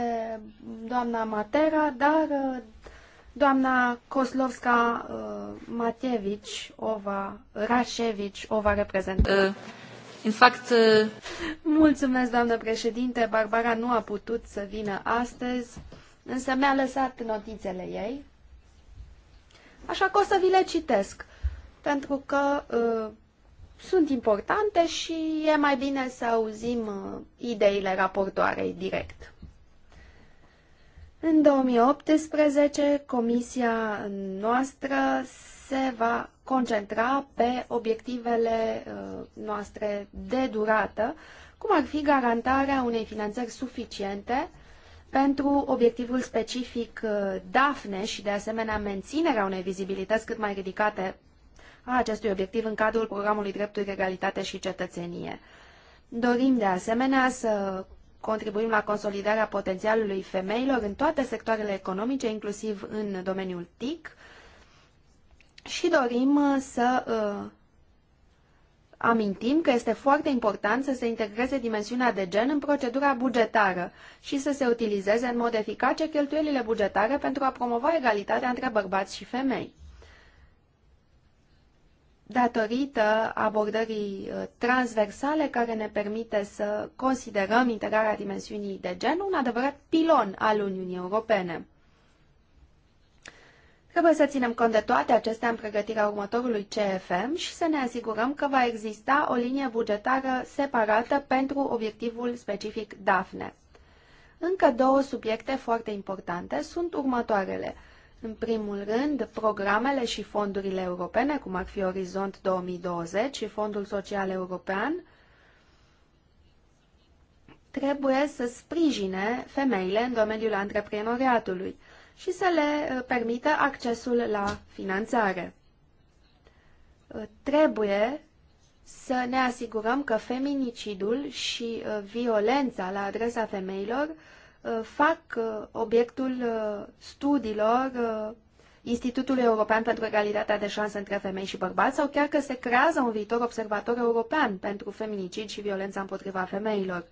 doamna Matera, dar uh, doamna Koslovska uh, Matevici o va, Rașevici o va reprezenta. În uh, fapt... Mulțumesc, doamnă președinte. Barbara nu a putut să vină astăzi, însă mi-a lăsat notițele ei. Așa că o să vi le citesc, pentru că uh, sunt importante și e mai bine să auzim uh, ideile raportoarei direct. În 2018, comisia noastră se va concentra pe obiectivele uh, noastre de durată, cum ar fi garantarea unei finanțări suficiente pentru obiectivul specific uh, DAFNE și, de asemenea, menținerea unei vizibilități cât mai ridicate a acestui obiectiv în cadrul programului Drepturi, Egalitate și Cetățenie. Dorim de asemenea să contribuim la consolidarea potențialului femeilor în toate sectoarele economice, inclusiv în domeniul TIC, și dorim uh, să uh, amintim că este foarte important să se integreze dimensiunea de gen în procedura bugetară și să se utilizeze în mod eficace cheltuielile bugetare pentru a promova egalitatea între bărbați și femei datorită abordării uh, transversale care ne permite să considerăm integrarea dimensiunii de gen un adevărat pilon al Uniunii Europene. Trebuie să ținem cont de toate acestea în pregătirea următorului CFM și să ne asigurăm că va exista o linie bugetară separată pentru obiectivul specific DAFNE. Încă două subiecte foarte importante sunt următoarele – în primul rând, programele și fondurile europene, cum ar fi Orizont 2020 și Fondul Social European, trebuie să sprijine femeile în domeniul antreprenoriatului și să le uh, permită accesul la finanțare. Uh, trebuie să ne asigurăm că feminicidul și uh, violența la adresa femeilor Uh, fac uh, obiectul uh, studiilor Institutului European pentru Egalitatea de Șanse între Femei și Bărbați sau chiar că se creează un viitor observator european pentru feminicid și violența împotriva femeilor,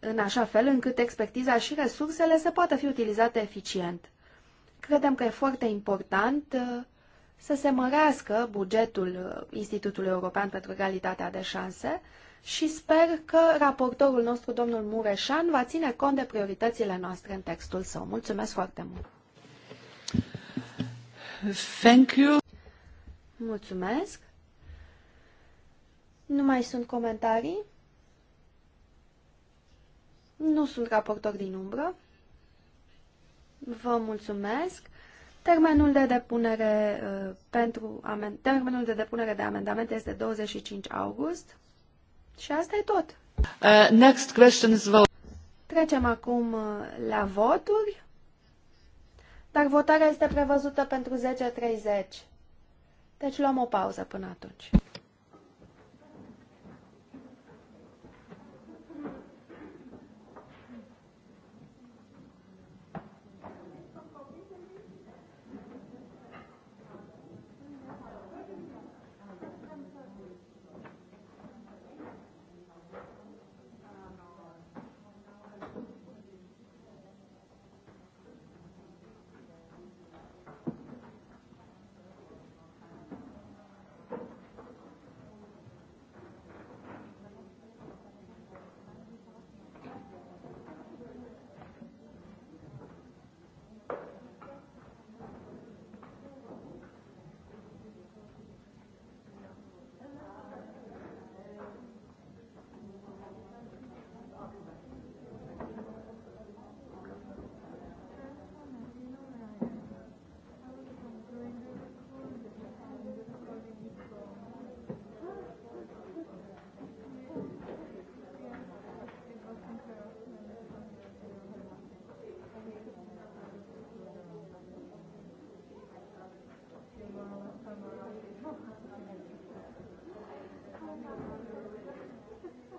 în așa fel încât expertiza și resursele să poată fi utilizate eficient. Credem că e foarte important să se mărească bugetul Institutului European pentru Egalitatea de Șanse și sper că raportorul nostru, domnul Mureșan, va ține cont de prioritățile noastre în textul său. Mulțumesc foarte mult! Thank you. Mulțumesc! Nu mai sunt comentarii? Nu sunt raportor din umbră. Vă mulțumesc. Termenul de depunere uh, pentru termenul de depunere de amendamente este 25 august. Și asta e tot. Uh, next question is vote. Trecem acum uh, la voturi. Dar votarea este prevăzută pentru 10.30. Deci luăm o pauză până atunci.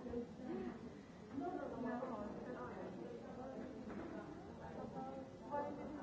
Thank you.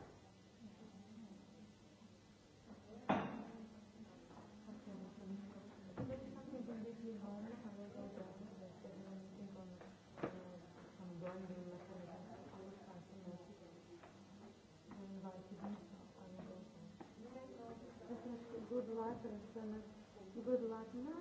După Duatna,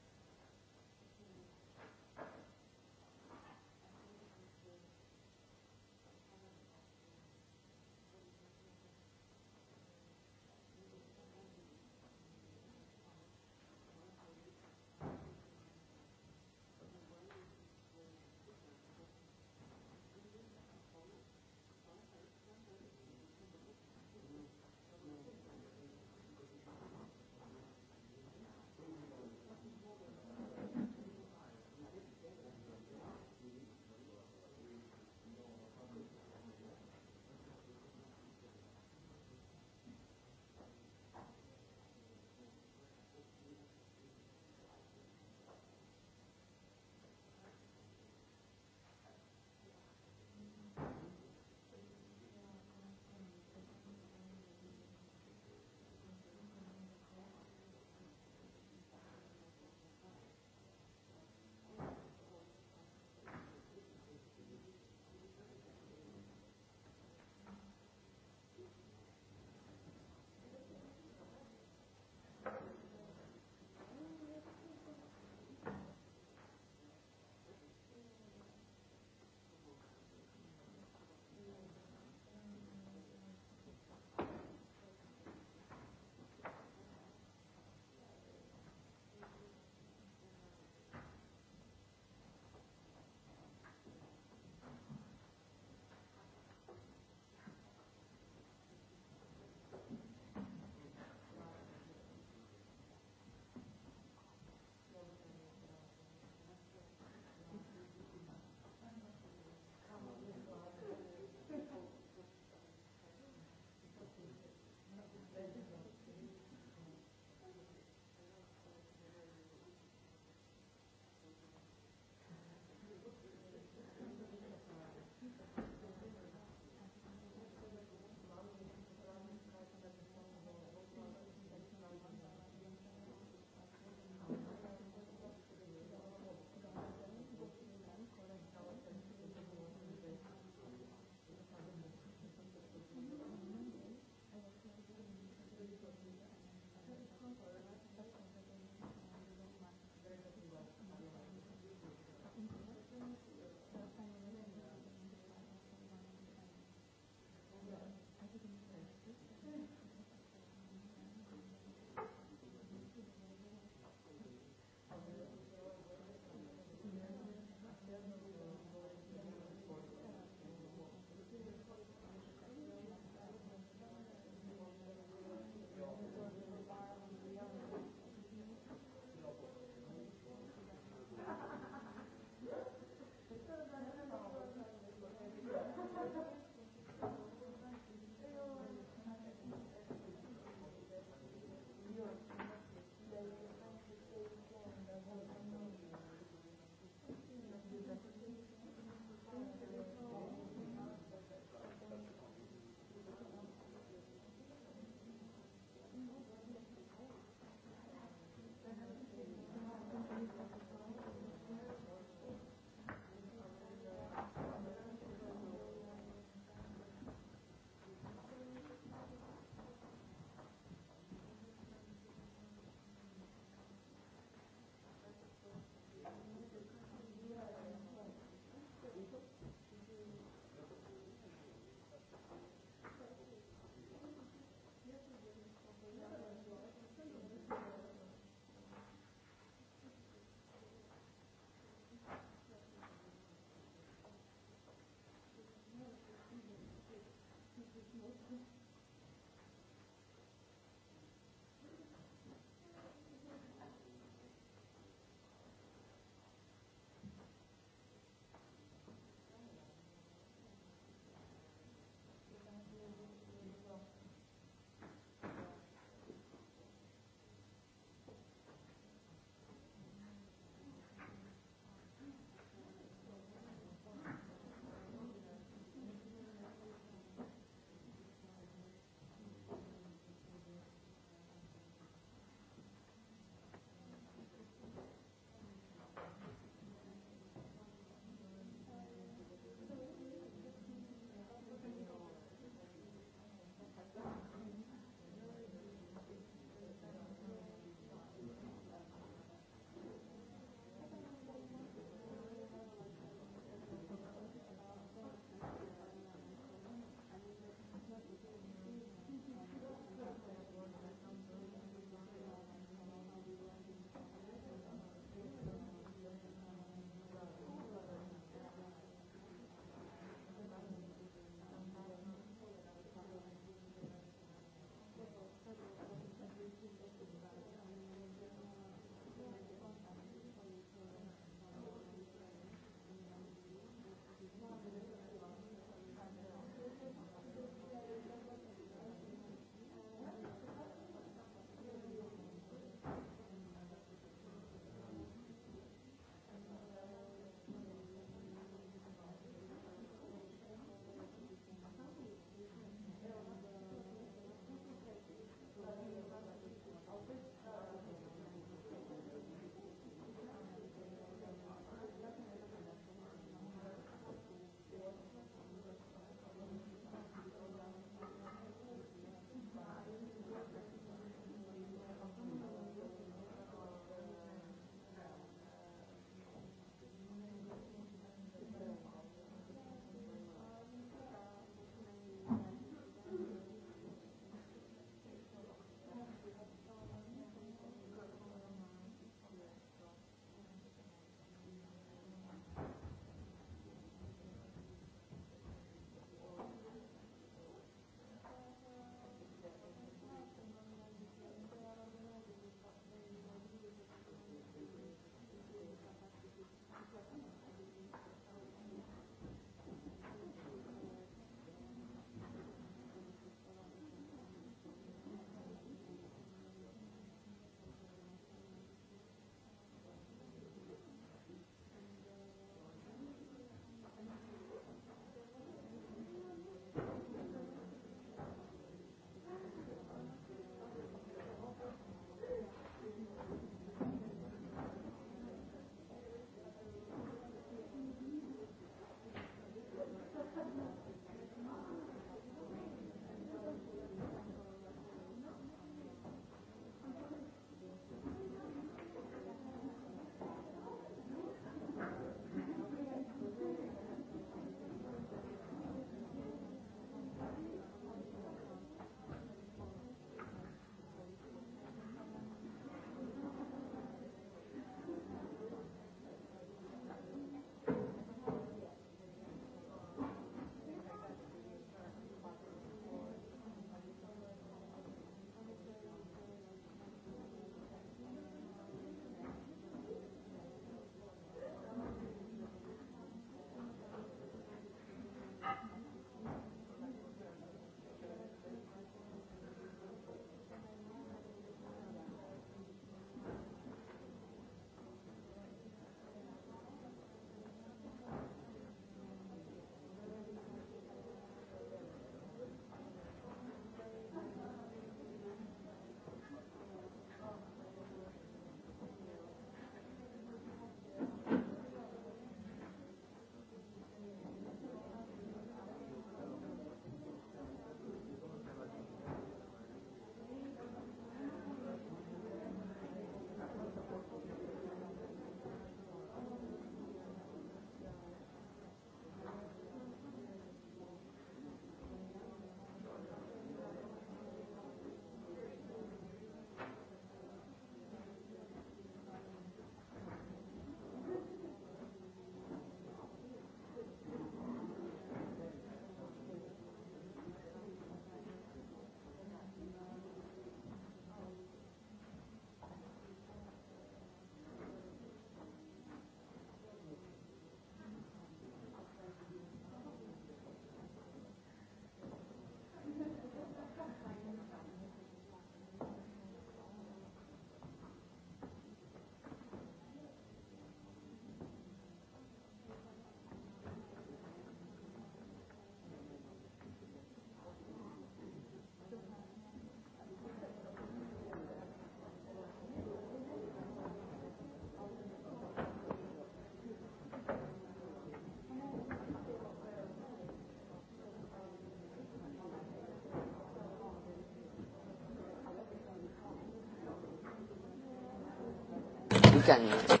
Internet.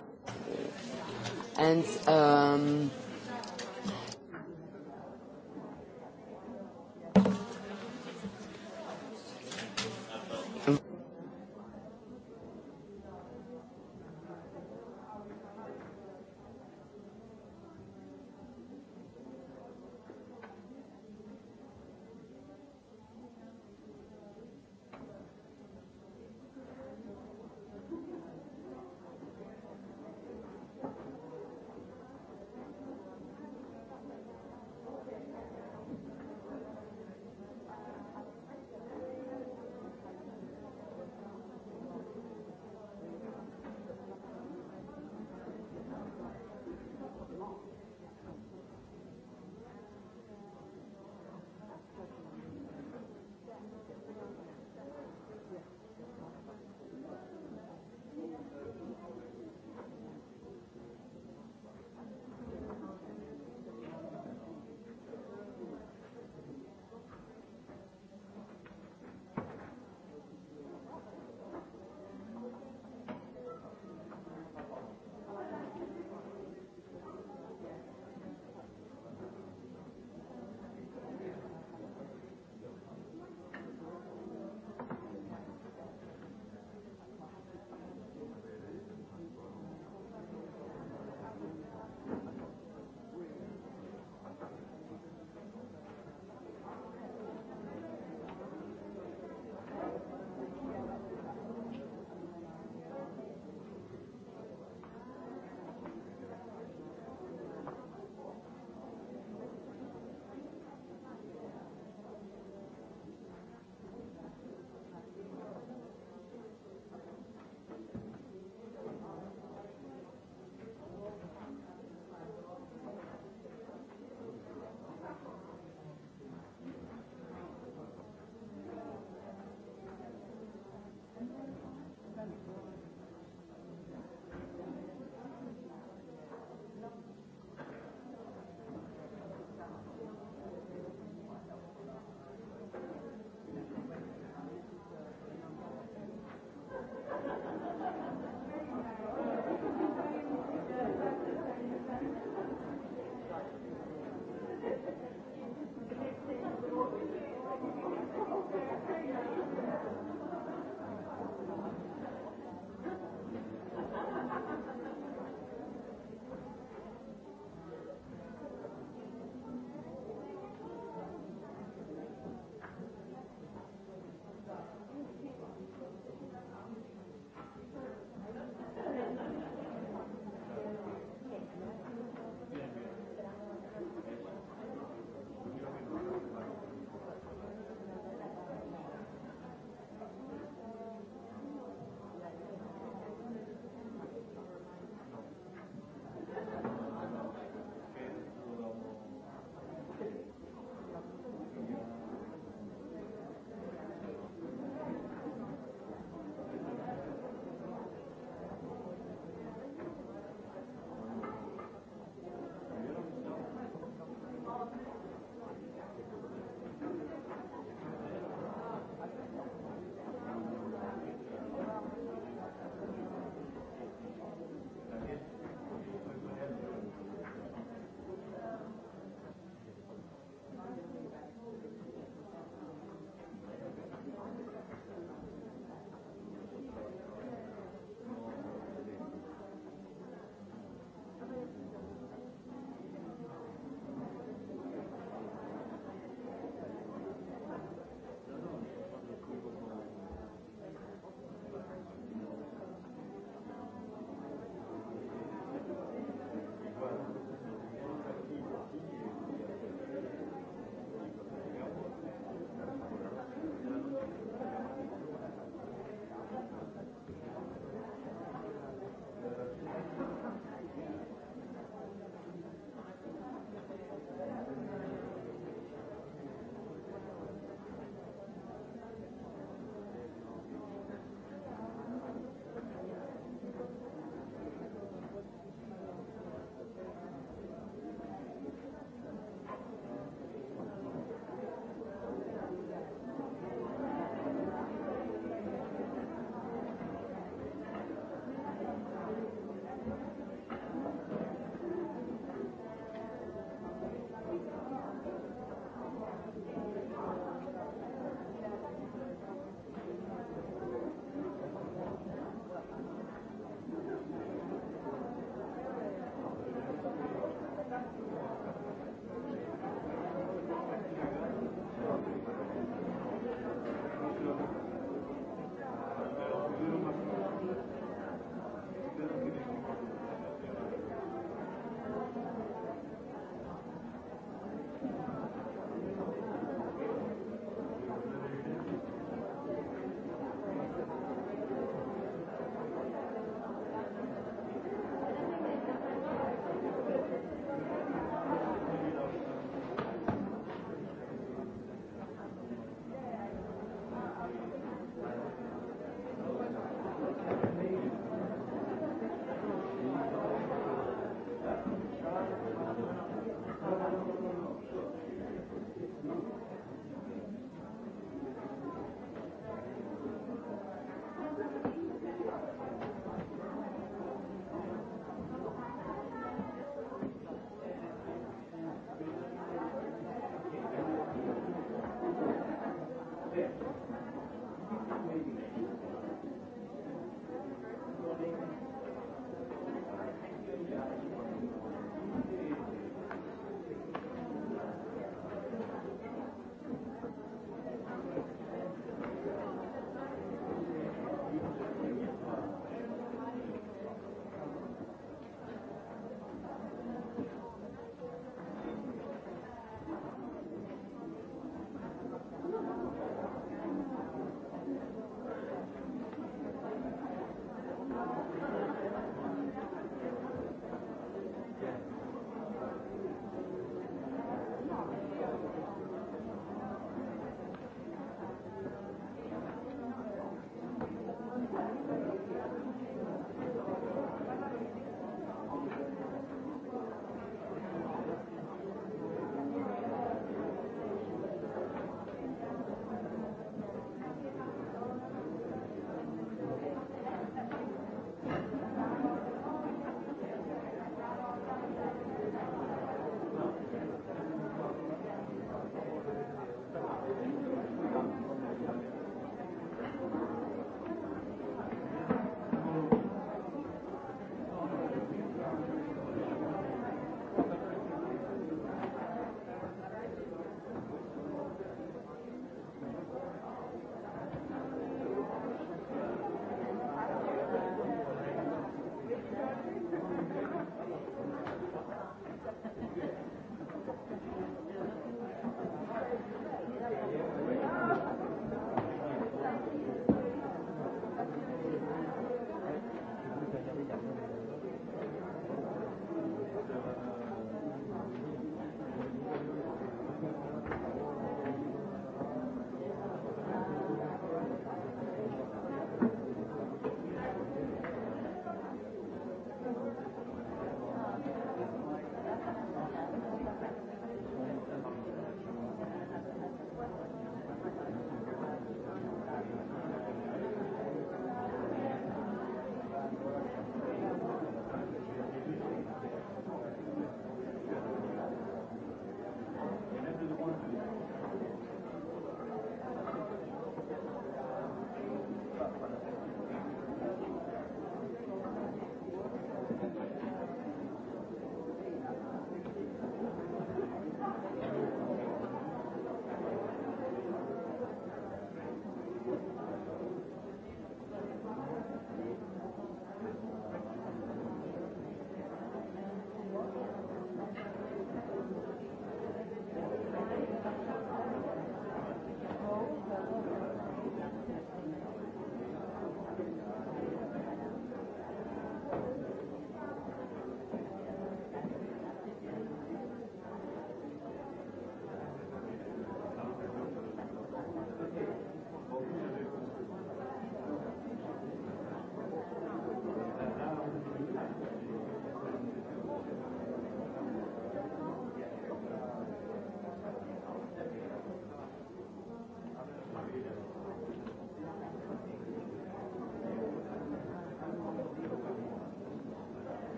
And um,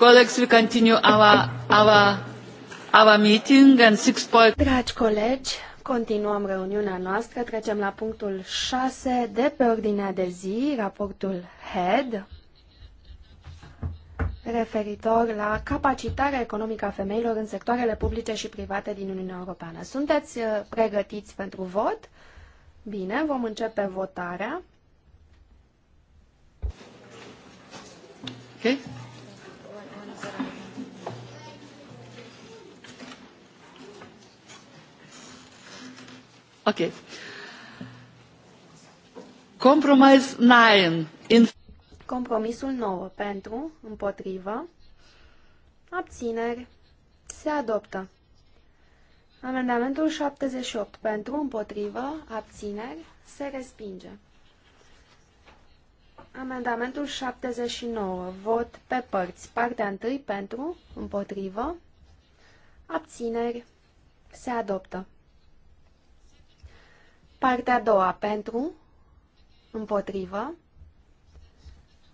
Colleagues, we continue our, our, our meeting and six point... Dragi colegi, continuăm reuniunea noastră. Trecem la punctul 6 de pe ordinea de zi, raportul HEAD, referitor la capacitarea economică a femeilor în sectoarele publice și private din Uniunea Europeană. Sunteți uh, pregătiți pentru vot? Bine, vom începe votarea. Okay. Okay. Compromise 9. In... Compromisul 9 pentru, împotrivă, abțineri, se adoptă. Amendamentul 78 pentru, împotrivă, abțineri, se respinge. Amendamentul 79, vot pe părți, partea 1 pentru, împotrivă, abțineri, se adoptă. Partea a doua pentru, împotrivă,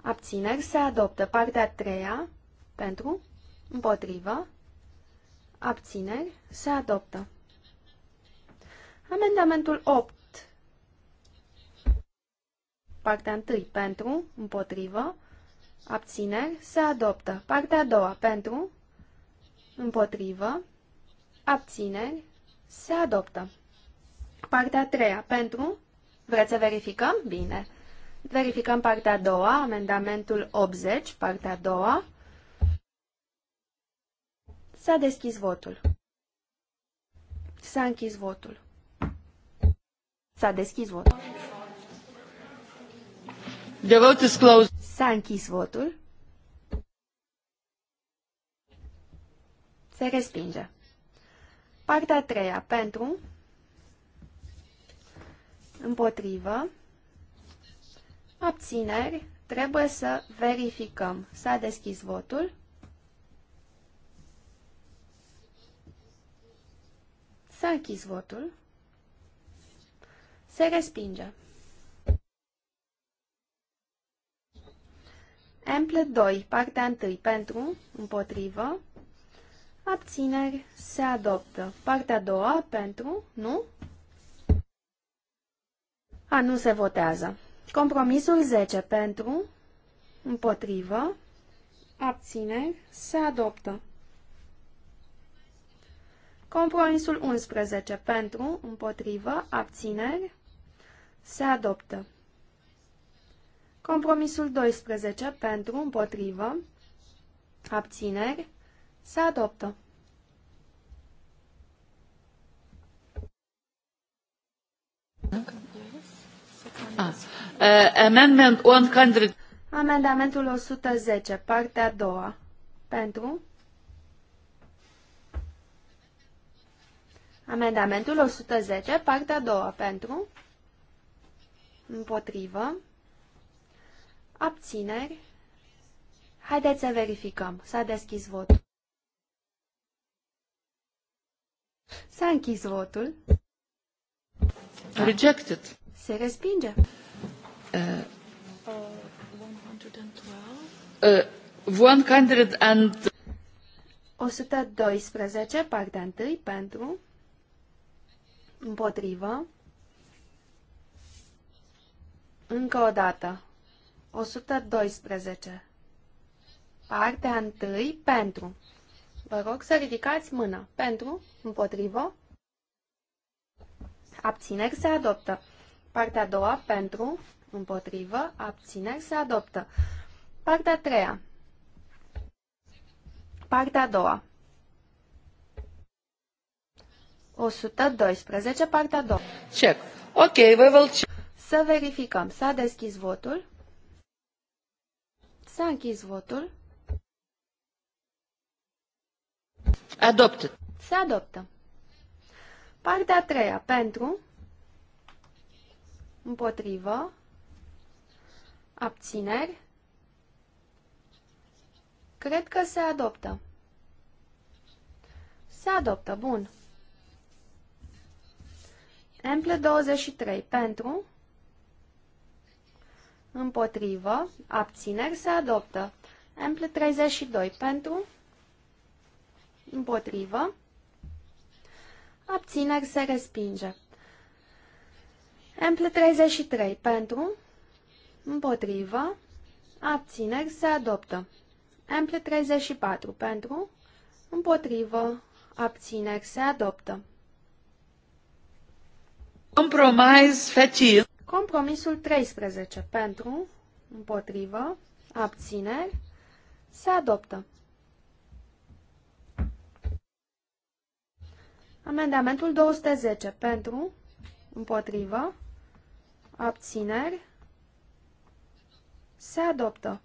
abțineri se adoptă. Partea a treia pentru, împotrivă, abțineri se adoptă. Amendamentul 8. Partea 1 pentru, împotrivă, abțineri se adoptă. Partea a doua pentru, împotrivă, abțineri se adoptă. Partea a treia, pentru? Vreți să verificăm? Bine. Verificăm partea a doua, amendamentul 80, partea a doua. S-a deschis votul. S-a închis votul. S-a deschis votul. The vote is closed. S-a închis votul. Se respinge. Partea a treia, pentru, Împotrivă. Abțineri. Trebuie să verificăm. S-a deschis votul. S-a închis votul. Se respinge. Emple 2, partea 1, pentru, împotrivă, abțineri, se adoptă. Partea a doua, pentru, nu, a, nu se votează. Compromisul 10 pentru, împotrivă, abține, se adoptă. Compromisul 11 pentru, împotrivă, abțineri, se adoptă. Compromisul 12 pentru, împotrivă, abțineri, se adoptă. Okay. Ah. Uh, amendment 100. Amendamentul 110, partea a doua. Pentru? Amendamentul 110, partea a doua. Pentru? Împotrivă? Abțineri? Haideți să verificăm. S-a deschis votul. S-a închis votul. Rejected. Se respinge. Uh, uh, 112. And... 112, partea 1, pentru, împotrivă, încă o dată, 112, partea 1, pentru. Vă rog să ridicați mâna. Pentru, împotrivă, abțineri se adoptă. Partea a doua, pentru, împotrivă, abțineri, se adoptă. Partea a treia. Partea a doua. 112, partea a doua. Check. Ok, voi vă Să verificăm. S-a deschis votul. S-a închis votul. Adoptă. Se adoptă. Partea a treia, pentru, Împotrivă. Abțineri. Cred că se adoptă. Se adoptă, bun. Emple 23. Pentru. Împotrivă. Abțineri. Se adoptă. Emple 32. Pentru. Împotrivă. Abțineri. Se respinge. Ample 33 pentru, împotrivă, abțineri se adoptă. Ample 34 pentru, împotrivă, abțineri se adoptă. Compromis facil. Compromisul 13 pentru, împotrivă, abțineri se adoptă. Amendamentul 210 pentru, împotrivă, Abțineri. Se adoptă.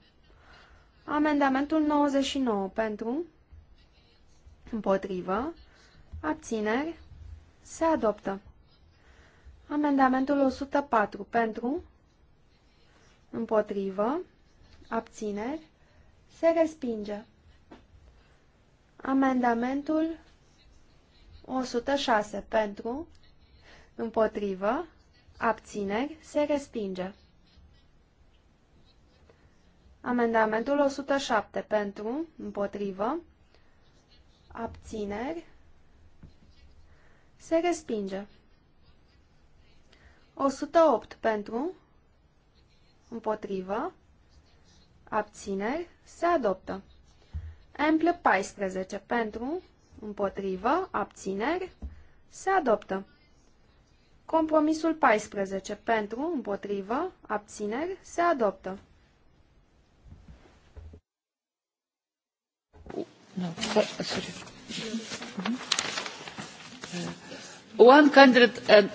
Amendamentul 99 pentru. Împotrivă. Abțineri. Se adoptă. Amendamentul 104 pentru. Împotrivă. Abțineri. Se respinge. Amendamentul 106 pentru. Împotrivă. Abțineri se respinge. Amendamentul 107 pentru, împotrivă, abțineri, se respinge. 108 pentru, împotrivă, abțineri, se adoptă. Emple 14 pentru, împotrivă, abțineri, se adoptă. Compromisul 14 pentru, împotrivă, abțineri, se adoptă. No, sorry. 113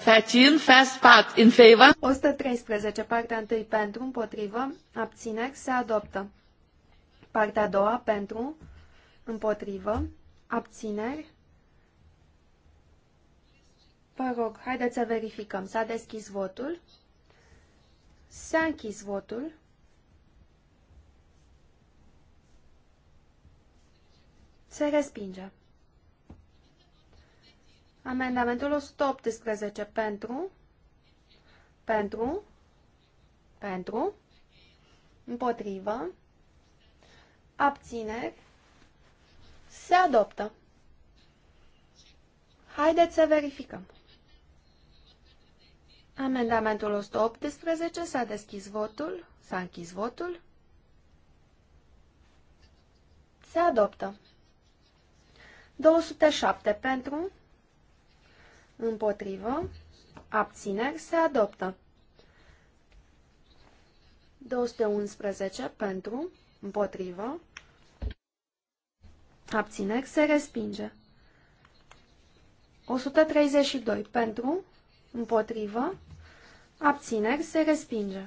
mm-hmm. uh, first part in favor. 113 partea 1 pentru, împotrivă, abțineri, se adoptă. Partea a doua pentru, împotrivă, abțineri, Vă rog, haideți să verificăm. S-a deschis votul. S-a închis votul. Se respinge. Amendamentul 118 pentru, pentru, pentru, împotrivă, abțineri, se adoptă. Haideți să verificăm. Amendamentul 118 s-a deschis votul, s-a închis votul. Se adoptă. 207 pentru, împotrivă, abțineri, se adoptă. 211 pentru, împotrivă, abțineri, se respinge. 132 pentru, împotrivă, Abțineri se respinge.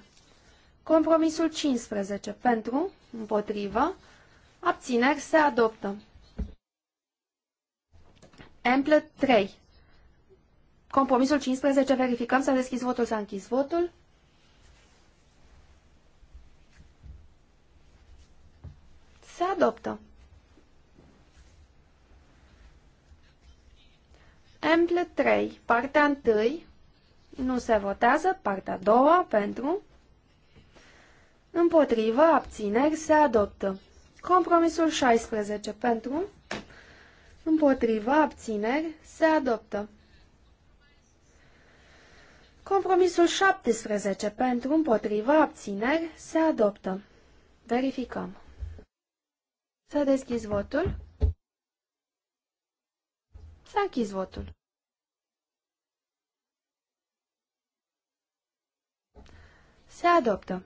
Compromisul 15 pentru, împotrivă, abțineri se adoptă. Emple 3. Compromisul 15, verificăm, s-a deschis votul, s-a închis votul. Se adoptă. Emple 3, partea 1, nu se votează. Partea a doua pentru. Împotrivă, abțineri, se adoptă. Compromisul 16 pentru. Împotrivă, abțineri, se adoptă. Compromisul 17 pentru împotrivă, abțineri se adoptă. Verificăm. S-a deschis votul. S-a închis votul. Se adoptă.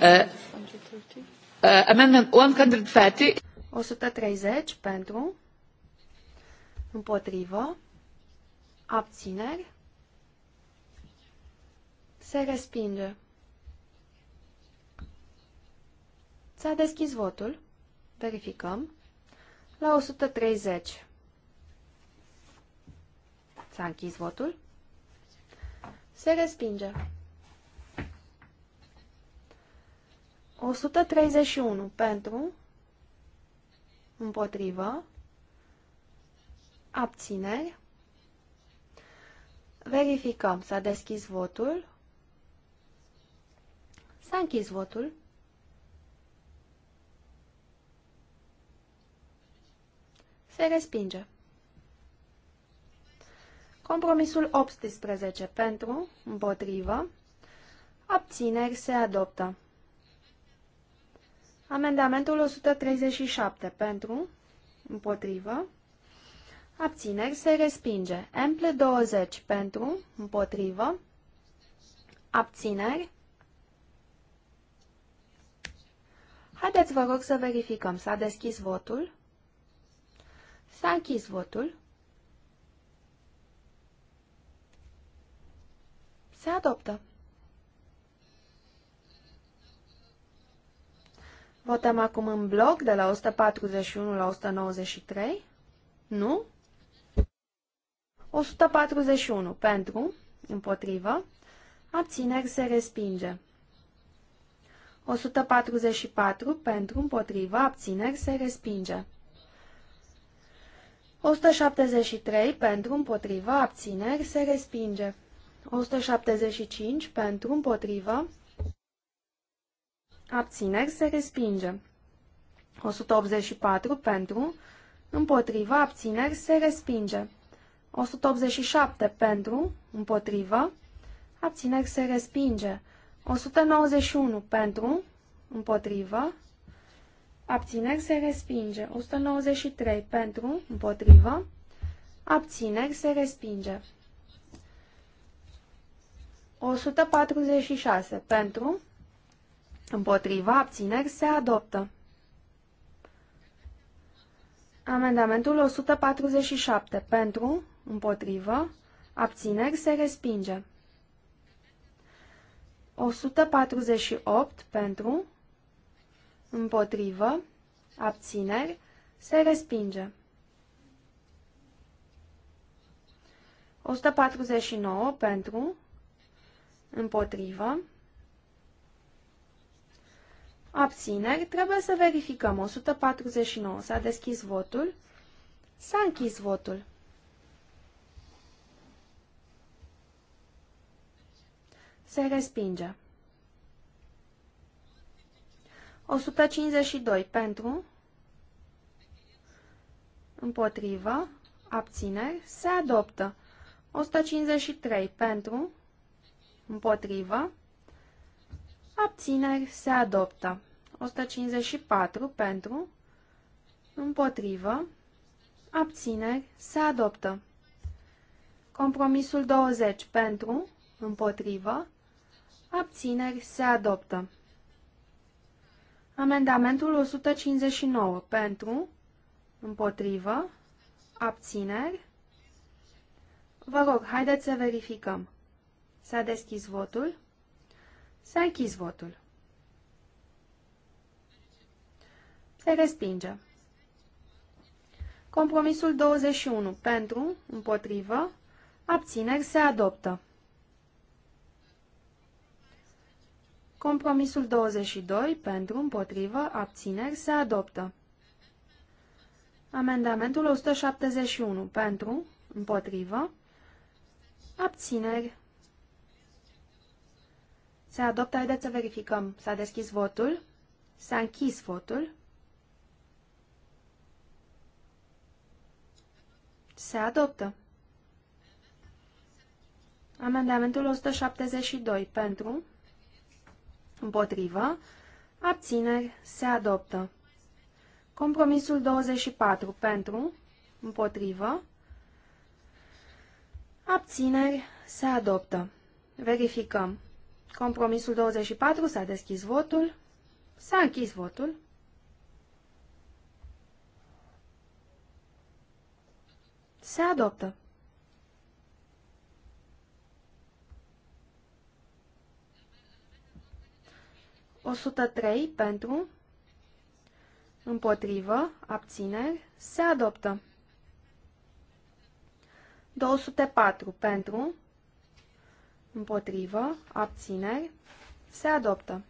Uh, uh amendment 130. 130 pentru, împotrivă, abțineri, se respinge. S-a deschis votul. Verificăm. La 130. S-a închis votul. Se respinge. 131 pentru, împotrivă, abțineri. Verificăm. S-a deschis votul. S-a închis votul. Se respinge. Compromisul 18 pentru, împotrivă, abțineri se adoptă. Amendamentul 137 pentru, împotrivă, abțineri se respinge. Emple 20 pentru, împotrivă, abțineri. Haideți, vă rog, să verificăm. S-a deschis votul. S-a închis votul. Se adoptă. Votăm acum în bloc de la 141 la 193. Nu? 141 pentru, împotrivă, abțineri se respinge. 144 pentru, împotrivă, abțineri se respinge. 173 pentru, împotrivă, abțineri se respinge. 175 pentru, împotrivă, abțineri, se respinge. 184 pentru, împotrivă, abțineri, se respinge. 187 pentru, împotrivă, abțineri, se respinge. 191 pentru, împotrivă, abțineri, se respinge. 193 pentru, împotrivă, abțineri, se respinge. 146 pentru, împotriva, abțineri, se adoptă. Amendamentul 147 pentru, împotrivă, abțineri, se respinge. 148 pentru, împotrivă, abțineri, se respinge. 149 pentru, Împotrivă. Abțineri. Trebuie să verificăm. 149. S-a deschis votul. S-a închis votul. Se respinge. 152 pentru, împotrivă, abțineri, se adoptă. 153 pentru, Împotrivă. Abțineri se adoptă. 154 pentru. Împotrivă. Abțineri se adoptă. Compromisul 20 pentru. Împotrivă. Abțineri se adoptă. Amendamentul 159 pentru. Împotrivă. Abțineri. Vă rog, haideți să verificăm. S-a deschis votul. S-a închis votul. Se respinge. Compromisul 21. Pentru, împotrivă, abțineri se adoptă. Compromisul 22. Pentru, împotrivă, abțineri se adoptă. Amendamentul 171. Pentru, împotrivă, abțineri se adoptă. Haideți să verificăm. S-a deschis votul. S-a închis votul. Se adoptă. Amendamentul 172 pentru, împotrivă, abțineri, se adoptă. Compromisul 24 pentru, împotrivă, abțineri, se adoptă. Verificăm. Compromisul 24 s-a deschis votul. S-a închis votul. Se adoptă. O sută trei pentru, împotrivă, abțineri, se adoptă. 204 pentru, Împotrivă. Abțineri. Se adoptă.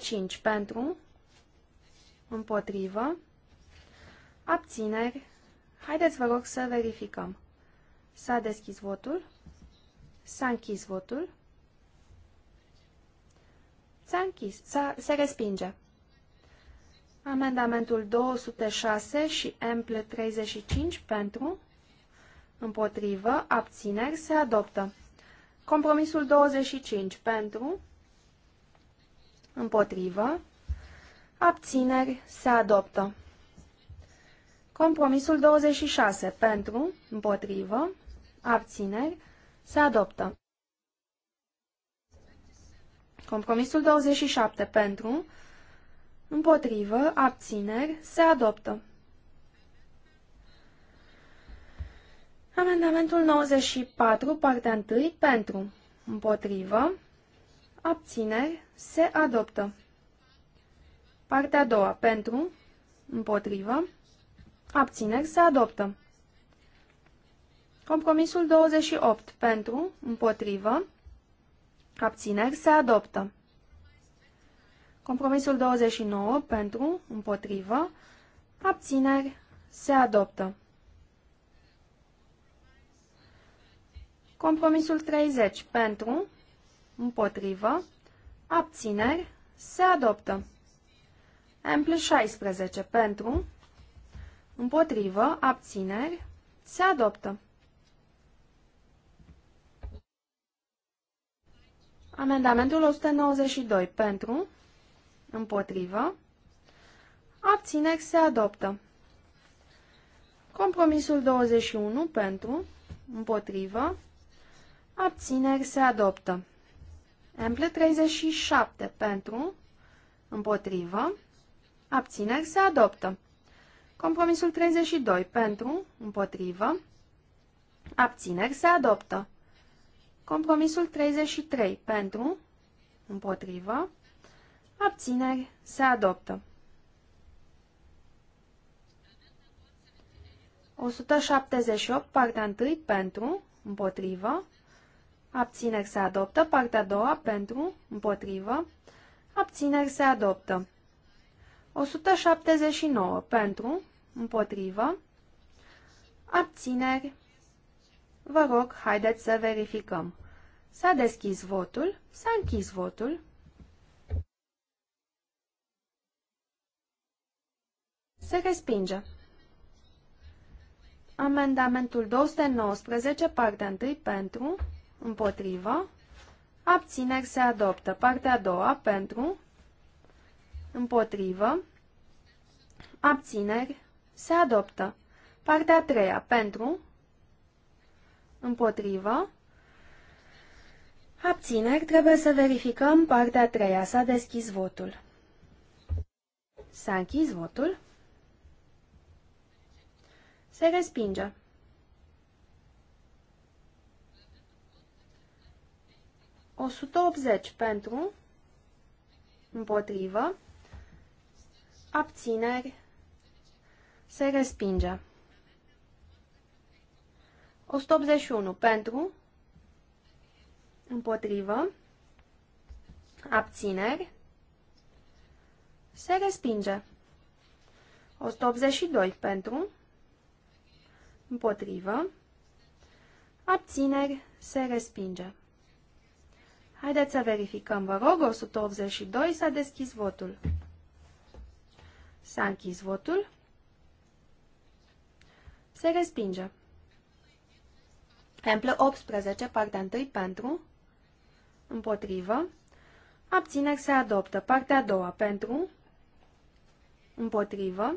cinci pentru. Împotrivă. Abțineri. Haideți, vă rog, să verificăm. S-a deschis votul. S-a închis votul. S-a închis. S-a, se respinge. Amendamentul 206 și ample 35 pentru, împotrivă, abțineri, se adoptă. Compromisul 25 pentru, împotrivă, abțineri, se adoptă. Compromisul 26 pentru, împotrivă, abțineri, se adoptă. Compromisul 27 pentru, Împotrivă, abțineri, se adoptă. Amendamentul 94, partea 1, pentru. Împotrivă, abțineri, se adoptă. Partea a doua, pentru. Împotrivă, abțineri, se adoptă. Compromisul 28, pentru. Împotrivă, abțineri, se adoptă. Compromisul 29 pentru, împotrivă, abțineri, se adoptă. Compromisul 30 pentru, împotrivă, abțineri, se adoptă. plus 16 pentru, împotrivă, abțineri, se adoptă. Amendamentul 192 pentru, Împotrivă. Abțineri se adoptă. Compromisul 21 pentru, împotrivă, abțineri se adoptă. Emple 37 pentru, împotrivă, abțineri se adoptă. Compromisul 32 pentru, împotrivă, abțineri se adoptă. Compromisul 33 pentru, împotrivă, Abțineri. Se adoptă. 178, partea 1, pentru, împotrivă. Abțineri se adoptă. Partea a doua, pentru, împotrivă. Abțineri se adoptă. 179, pentru, împotrivă. Abțineri. Vă rog, haideți să verificăm. S-a deschis votul, s-a închis votul. Se respinge. Amendamentul 219, partea 1 pentru, împotrivă, abțineri se adoptă. Partea a doua pentru, împotrivă, abțineri se adoptă. Partea a treia pentru, împotrivă, abțineri trebuie să verificăm. Partea a treia s-a deschis votul. S-a închis votul. Se respinge. O 180 pentru, împotrivă, abțineri, se respinge. 181 pentru, împotrivă, abțineri, se respinge. 182 pentru, împotrivă, abțineri, se respinge. Haideți să verificăm, vă rog, 182 s-a deschis votul. S-a închis votul. Se respinge. Emplă 18, partea 1 pentru, împotrivă, abțineri se adoptă, partea a doua pentru, împotrivă,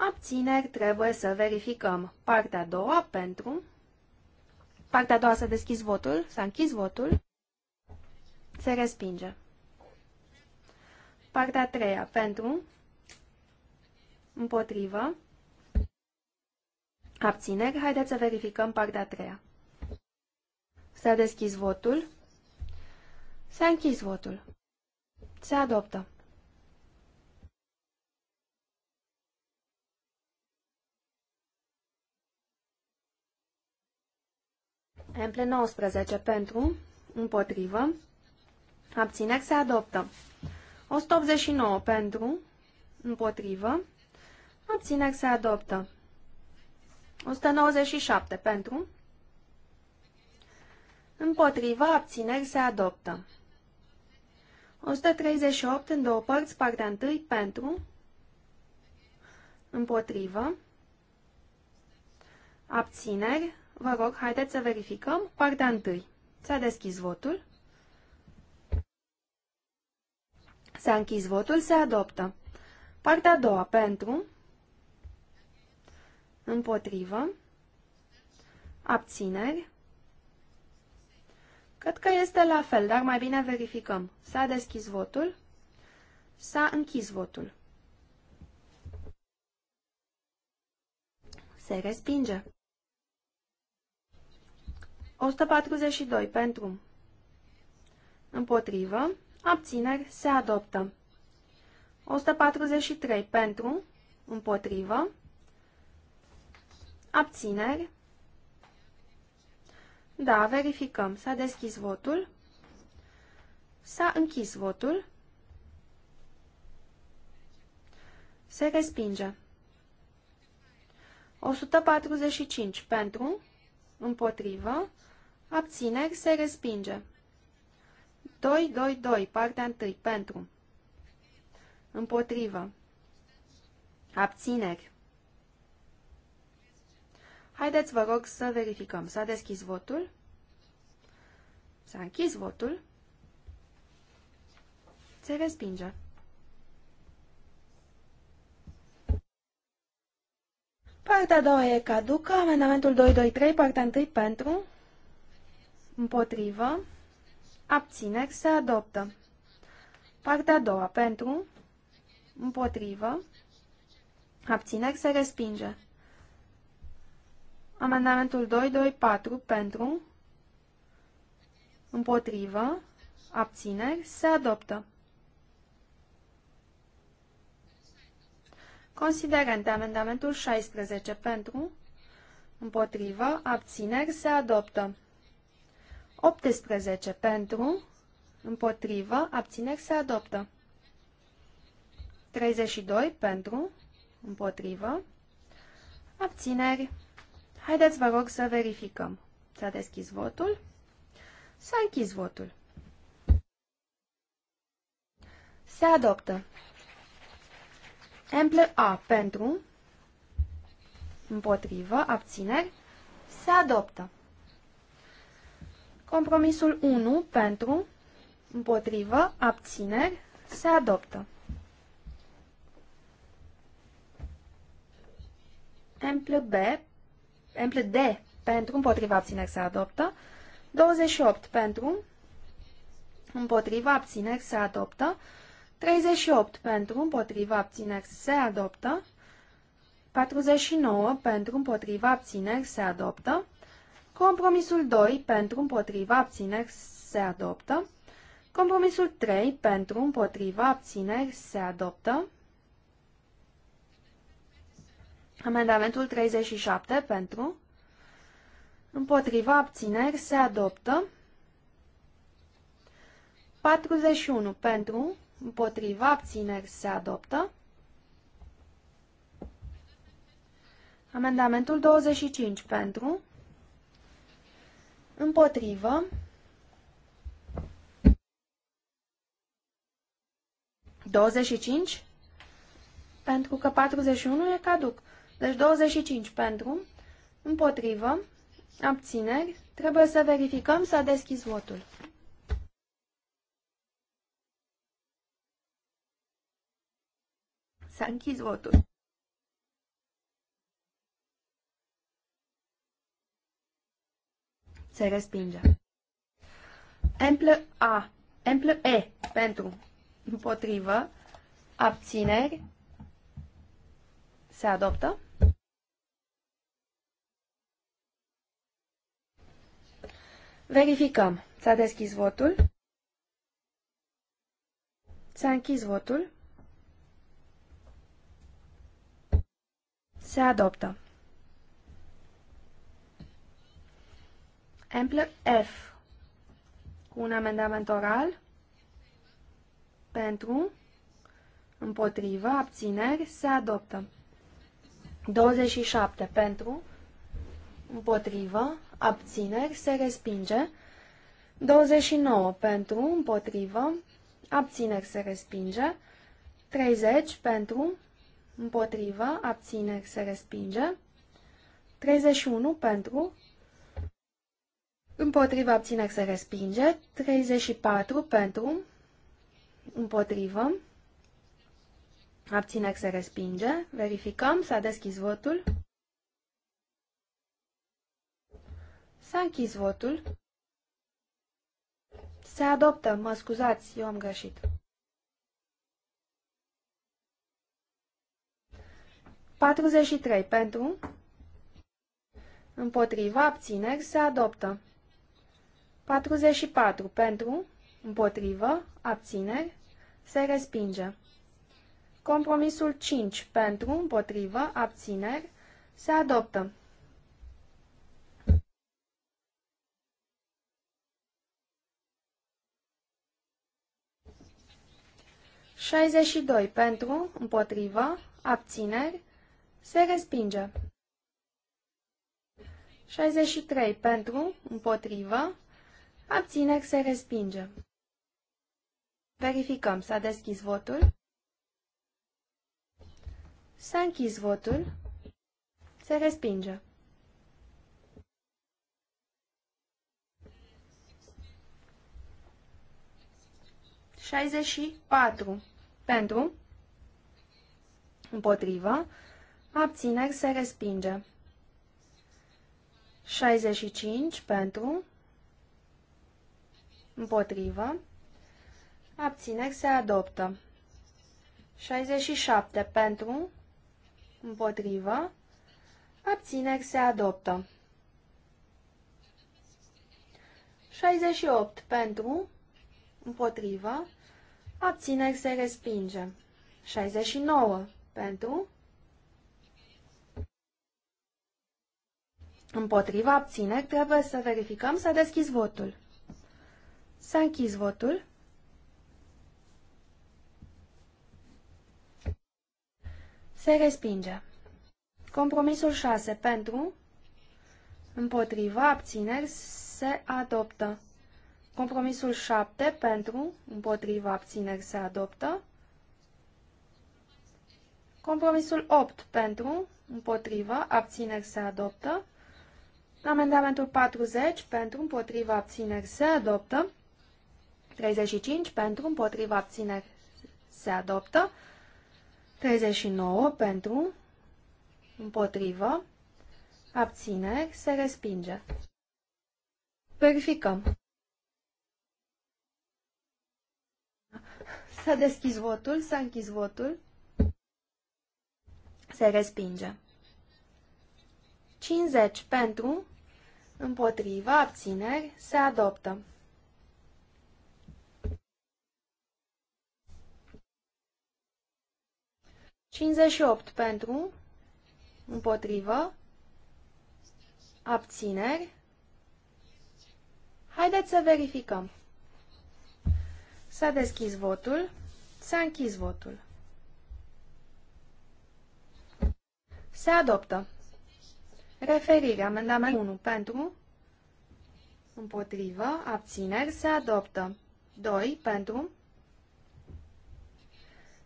Abțineri trebuie să verificăm. Partea a doua pentru. Partea a doua s-a deschis votul, s-a închis votul. Se respinge. Partea a treia pentru. Împotrivă. Abțineri. Haideți să verificăm partea a treia. S-a deschis votul. S-a închis votul. Se adoptă. Emple 19 pentru, împotrivă, abțineri se adoptă. 189 pentru, împotrivă, abțineri se adoptă. 197 pentru, împotrivă, abțineri se adoptă. 138 în două părți, partea 1 pentru, împotrivă, abțineri, Vă rog, haideți să verificăm partea întâi. S-a deschis votul. S-a închis votul, se adoptă. Partea a doua, pentru, împotrivă, abțineri. Cred că este la fel, dar mai bine verificăm. S-a deschis votul, s-a închis votul. Se respinge. 142 pentru. Împotrivă. Abțineri se adoptă. 143 pentru. Împotrivă. Abțineri. Da, verificăm. S-a deschis votul. S-a închis votul. Se respinge. 145 pentru, împotrivă, Abțineri se respinge. 2, 2, 2, partea 1, pentru. Împotrivă. Abțineri. Haideți, vă rog, să verificăm. S-a deschis votul. S-a închis votul. Se respinge. Partea a doua e caducă, amendamentul 223, partea 1 pentru, Împotrivă. Abțineri se adoptă. Partea a doua. Pentru. Împotrivă. Abțineri se respinge. Amendamentul 224 pentru. Împotrivă. Abțineri se adoptă. Considerente amendamentul 16 pentru. Împotrivă. Abțineri se adoptă. 18 pentru, împotrivă, abțineri se adoptă. 32 pentru, împotrivă, abțineri. Haideți, vă rog, să verificăm. S-a deschis votul. S-a închis votul. Se adoptă. Emple A pentru, împotrivă, abțineri, se adoptă. Compromisul 1 pentru, împotrivă, abțineri, se adoptă. emple D pentru, împotriva abțineri se adoptă. 28 pentru, împotriva abțineri se adoptă. 38 pentru, împotriva abțineri se adoptă. 49 pentru, împotriva abțineri se adoptă. Compromisul 2 pentru împotriva abțineri se adoptă. Compromisul 3 pentru împotriva abțineri se adoptă. Amendamentul 37 pentru împotriva abțineri se adoptă. 41 pentru împotriva abțineri se adoptă. Amendamentul 25 pentru Împotrivă. Douăzeci cinci. Pentru că 41 e caduc. Deci 25 pentru. Împotrivă. Abțineri. Trebuie să verificăm să deschizi votul. Să închizi votul. Se respinge. Emplă A. Emplă E. Pentru. Împotrivă. Abțineri. Se adoptă. Verificăm. S-a deschis votul. S-a închis votul. Se adoptă. Exemplu F cu un amendament oral pentru, împotrivă, abțineri, se adoptă. 27 pentru, împotrivă, abțineri, se respinge. 29 pentru, împotrivă, abțineri, se respinge. 30 pentru, împotrivă, abțineri, se respinge. 31 pentru, Împotriva abțineri se respinge. 34 pentru. Împotrivă. Abțineri se respinge. Verificăm. S-a deschis votul. S-a închis votul. Se adoptă. Mă scuzați, eu am greșit. Patruzeci și trei pentru. Împotriva abțineri se adoptă. 44 pentru, împotrivă, abțineri, se respinge. Compromisul 5 pentru, împotrivă, abțineri, se adoptă. Șaizeci doi pentru, împotrivă, abțineri, se respinge. 63 pentru, împotrivă, Abțineri se respinge. Verificăm. S-a deschis votul. S-a închis votul. Se respinge. Șaizeci patru. Pentru. Împotrivă. Abțineri se respinge. 65 pentru. Împotrivă. Abțineri se adoptă. 67 pentru. Împotrivă. Abțineri se adoptă. 68 pentru. Împotrivă. Abțineri se respinge. 69 pentru. Împotriva abțineri trebuie să verificăm să deschizi votul. S-a închis votul. Se respinge. Compromisul 6 pentru, împotriva, abțineri, se adoptă. Compromisul 7 pentru, împotriva, abțineri, se adoptă. Compromisul 8 pentru, împotriva, abțineri, se adoptă. Amendamentul 40 pentru, împotriva, abțineri, se adoptă. 35 pentru, împotriva abțineri se adoptă. 39 pentru, împotrivă, abțineri se respinge. Verificăm. S-a deschis votul, s-a închis votul. Se respinge. 50 pentru, împotriva, abțineri, se adoptă. 58 pentru, împotrivă, abțineri. Haideți să verificăm. S-a deschis votul, s-a închis votul. Se adoptă. Referire, amendament 1 pentru, împotrivă, abțineri, se adoptă. 2 pentru,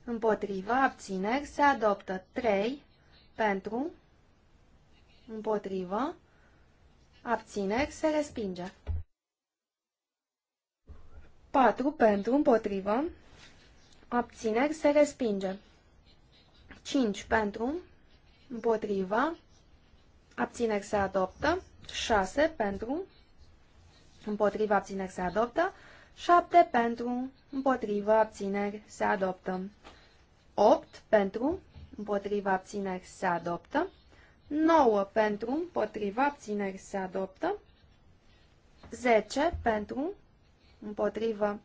Împotriva abțineri se adoptă 3 pentru, împotriva, abțineri se respinge. 4 pentru, împotriva, abțineri se respinge. 5 pentru, împotriva, abțineri se adoptă. 6 pentru, împotriva, abțineri se adoptă. 7 pentru, împotriva, abțineri se adoptă. 8 pentru, împotriva abțineri se adoptă. 9 pentru, împotriva abțineri se adoptă. 10 pentru, împotriva,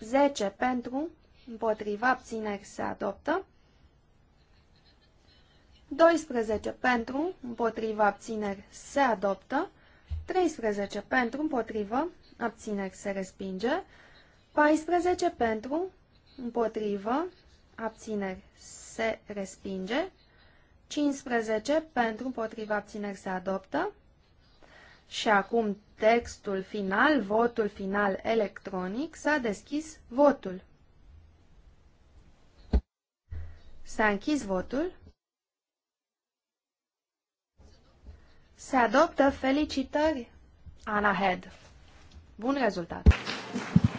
10 pentru, împotriva abțineri se adoptă. 12 pentru, împotriva abțineri se adoptă. 13 pentru, împotriva abțineri se respinge. 14 pentru, împotrivă, abțineri se respinge, 15 pentru, împotrivă, abțineri se adoptă și acum textul final, votul final electronic, s-a deschis votul. S-a închis votul. Se adoptă felicitări, Ana Head. Bun rezultat!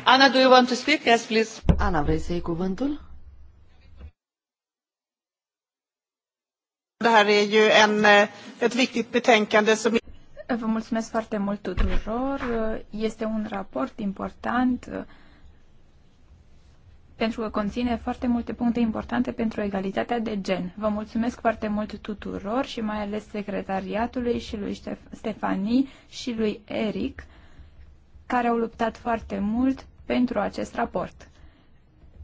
Ana, do you want to speak? Yes, please. Ana, vrei să iei cuvântul? Det här är ju en, eh, ett viktigt betänkande som... Vă mulțumesc foarte mult tuturor. Este un raport important eh, pentru că conține foarte multe puncte importante pentru egalitatea de gen. Vă mulțumesc foarte mult tuturor și mai ales secretariatului și lui Ștef- Stefanii și lui Eric, care au luptat foarte mult pentru acest raport.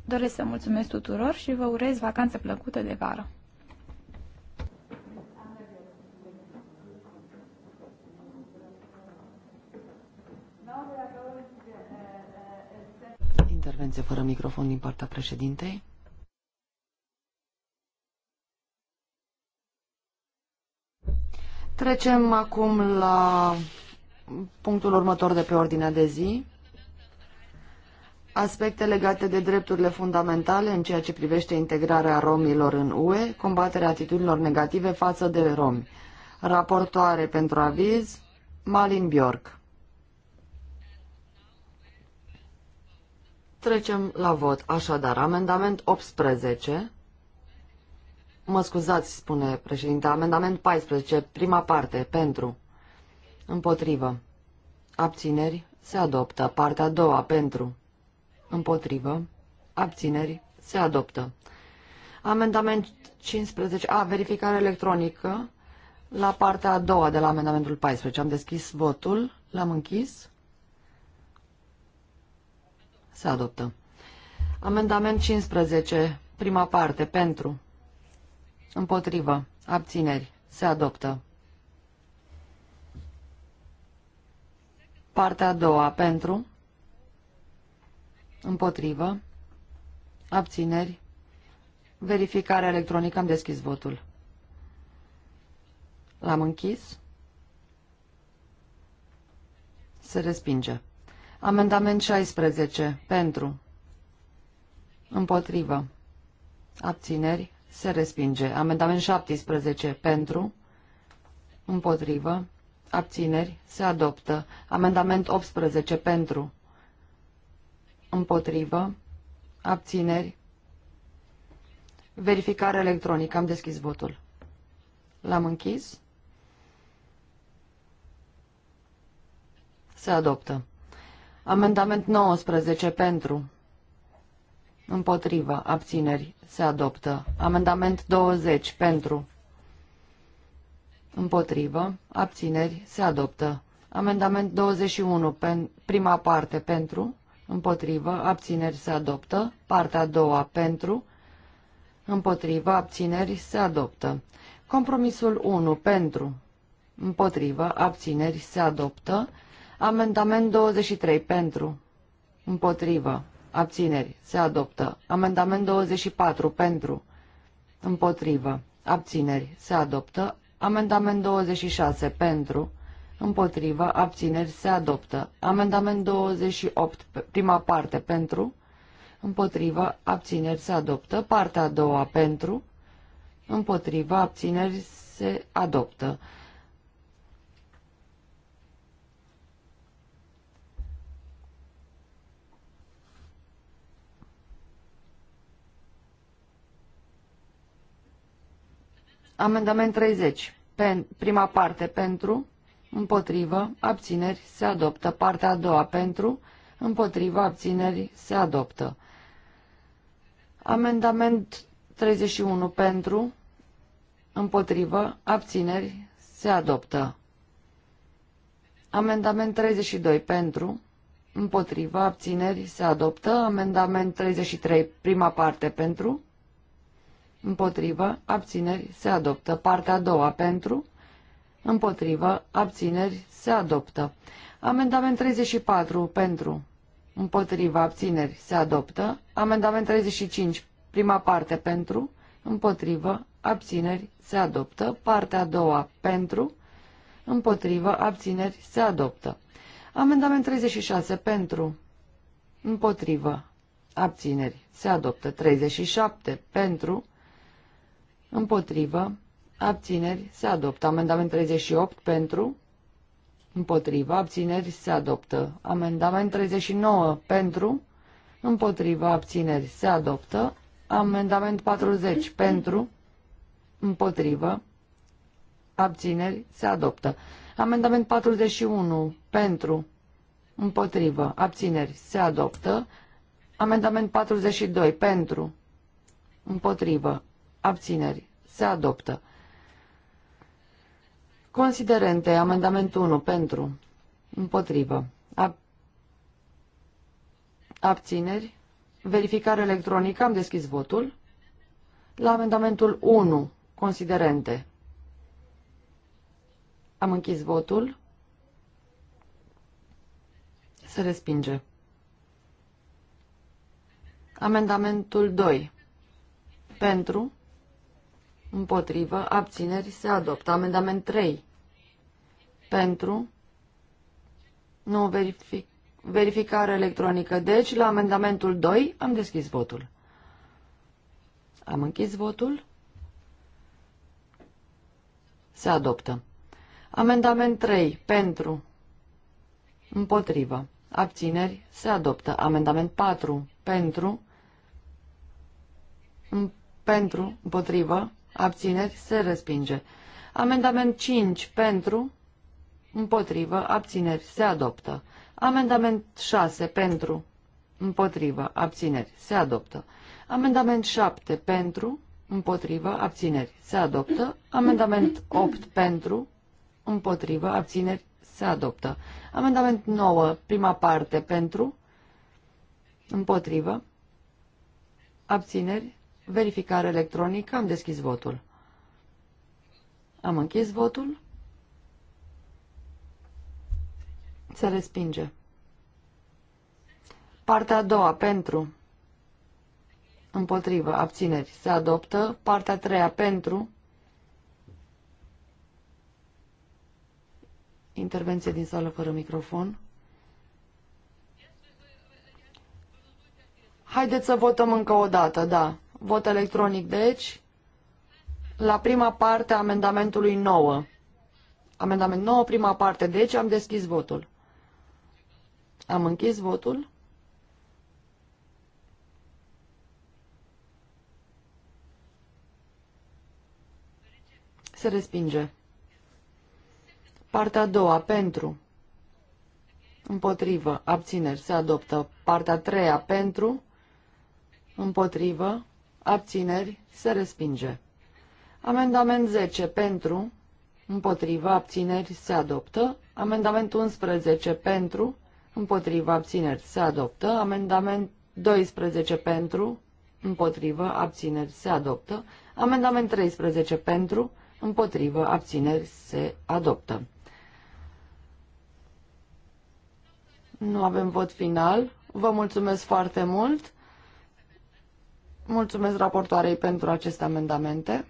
Doresc să mulțumesc tuturor și vă urez vacanță plăcută de vară. Intervenție fără microfon din partea președintei. Trecem acum la punctul următor de pe ordinea de zi aspecte legate de drepturile fundamentale în ceea ce privește integrarea romilor în UE, combaterea atitudinilor negative față de romi. Raportoare pentru aviz, Malin Bjork. Trecem la vot. Așadar, amendament 18. Mă scuzați, spune președinte, amendament 14, prima parte, pentru. Împotrivă. Abțineri. Se adoptă. Partea a doua, pentru. Împotrivă. Abțineri. Se adoptă. Amendament 15. A. Verificare electronică. La partea a doua de la amendamentul 14. Am deschis votul. L-am închis. Se adoptă. Amendament 15. Prima parte. Pentru. Împotrivă. Abțineri. Se adoptă. Partea a doua. Pentru. Împotrivă. Abțineri. Verificare electronică. Am deschis votul. L-am închis. Se respinge. Amendament 16. Pentru. Împotrivă. Abțineri. Se respinge. Amendament 17. Pentru. Împotrivă. Abțineri. Se adoptă. Amendament 18. Pentru împotrivă, abțineri, verificare electronică. Am deschis votul. L-am închis. Se adoptă. Amendament 19 pentru. Împotrivă. Abțineri. Se adoptă. Amendament 20 pentru. Împotrivă. Abțineri. Se adoptă. Amendament 21. Pen, prima parte pentru împotrivă, abțineri se adoptă. Partea a doua pentru, împotrivă, abțineri se adoptă. Compromisul 1 pentru, împotrivă, abțineri se adoptă. Amendament 23 pentru, împotrivă, abțineri se adoptă. Amendament 24 pentru, împotrivă, abțineri se adoptă. Amendament 26 pentru, împotrivă, abțineri, se adoptă. Amendament 28, prima parte, pentru, împotrivă, abțineri, se adoptă. Partea a doua, pentru, împotrivă, abțineri, se adoptă. Amendament 30. Pen, prima parte pentru, împotrivă, abțineri, se adoptă. Partea a doua pentru, împotrivă, abțineri, se adoptă. Amendament 31 pentru, împotrivă, abțineri, se adoptă. Amendament 32 pentru, împotrivă, abțineri, se adoptă. Amendament 33, prima parte pentru, împotrivă, abțineri, se adoptă. Partea a doua pentru, Împotrivă. Abțineri. Se adoptă. Amendament 34. Pentru. Împotrivă. Abțineri. Se adoptă. Amendament 35. Prima parte. Pentru. Împotrivă. Abțineri. Se adoptă. Partea a doua. Pentru. Împotrivă. Abțineri. Se adoptă. Amendament 36. Pentru. Împotrivă. Abțineri. Se adoptă. 37. Pentru. Împotrivă. Abțineri se adoptă. Amendament 38 pentru. Împotrivă. Abțineri se adoptă. Amendament 39 pentru. Împotrivă. Abțineri se adoptă. Amendament 40 pentru. Împotrivă. Abțineri se adoptă. Amendament 41 pentru. Împotrivă. Abțineri se adoptă. Amendament 42 pentru. Împotrivă. Abțineri se adoptă. Considerente, amendamentul 1 pentru, împotrivă, ab abțineri, verificare electronică, am deschis votul. La amendamentul 1, considerente, am închis votul. Se respinge. Amendamentul 2. Pentru, împotrivă, abțineri, se adoptă. Amendament 3. Pentru. Nu verific. Verificare electronică. Deci, la amendamentul 2 am deschis votul. Am închis votul. Se adoptă. Amendament 3. Pentru. Împotrivă. Abțineri. Se adoptă. Amendament 4. Pentru. Pentru. Împotrivă. Abțineri. Se respinge. Amendament 5. Pentru împotrivă, abțineri, se adoptă. Amendament 6 pentru, împotrivă, abțineri, se adoptă. Amendament 7 pentru, împotrivă, abțineri, se adoptă. Amendament 8 pentru, împotrivă, abțineri, se adoptă. Amendament 9, prima parte, pentru, împotrivă, abțineri, verificare electronică, am deschis votul. Am închis votul. Se respinge. Partea a doua, pentru. Împotrivă, abțineri. Se adoptă. Partea a treia, pentru. Intervenție din sală fără microfon. Haideți să votăm încă o dată, da. Vot electronic, deci, la prima parte a amendamentului 9. Amendament 9, prima parte, deci am deschis votul. Am închis votul. Se respinge. Partea a doua, pentru. Împotrivă, abțineri, se adoptă. Partea a treia, pentru. Împotrivă, abțineri, se respinge. Amendament 10, pentru. Împotrivă, abțineri, se adoptă. Amendament 11, pentru împotrivă, abțineri, se adoptă. Amendament 12 pentru, împotrivă, abțineri, se adoptă. Amendament 13 pentru, împotrivă, abțineri, se adoptă. Nu avem vot final. Vă mulțumesc foarte mult. Mulțumesc raportoarei pentru aceste amendamente.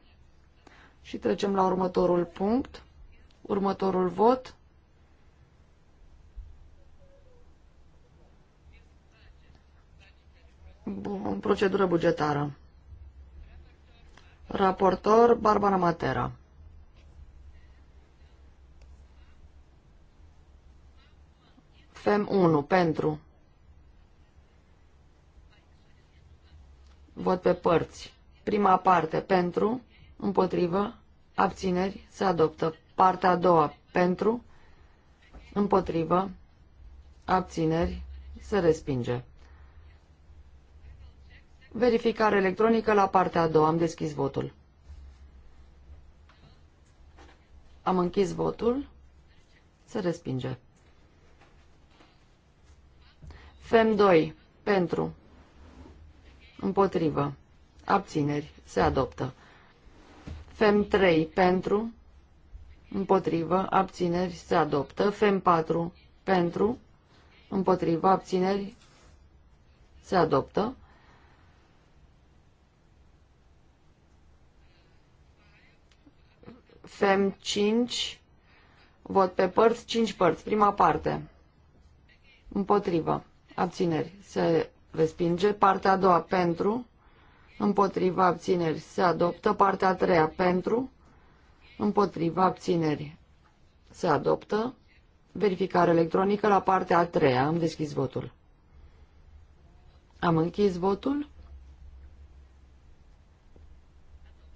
Și trecem la următorul punct, următorul vot. în procedură bugetară. Raportor Barbara Matera. FEM 1 pentru. Vot pe părți. Prima parte pentru, împotrivă, abțineri, se adoptă. Partea a doua pentru, împotrivă, abțineri, se respinge. Verificare electronică la partea a doua. Am deschis votul. Am închis votul. Se respinge. FEM 2. Pentru. Împotrivă. Abțineri. Se adoptă. FEM 3. Pentru. Împotrivă. Abțineri. Se adoptă. FEM 4. Pentru. Împotrivă. Abțineri. Se adoptă. FEM 5, vot pe părți, 5 părți, prima parte. Împotrivă. Abțineri. Se respinge. Partea a doua pentru. împotrivă, abțineri. Se adoptă. Partea a treia pentru. împotrivă, abțineri. Se adoptă. Verificare electronică la partea a treia. Am deschis votul. Am închis votul.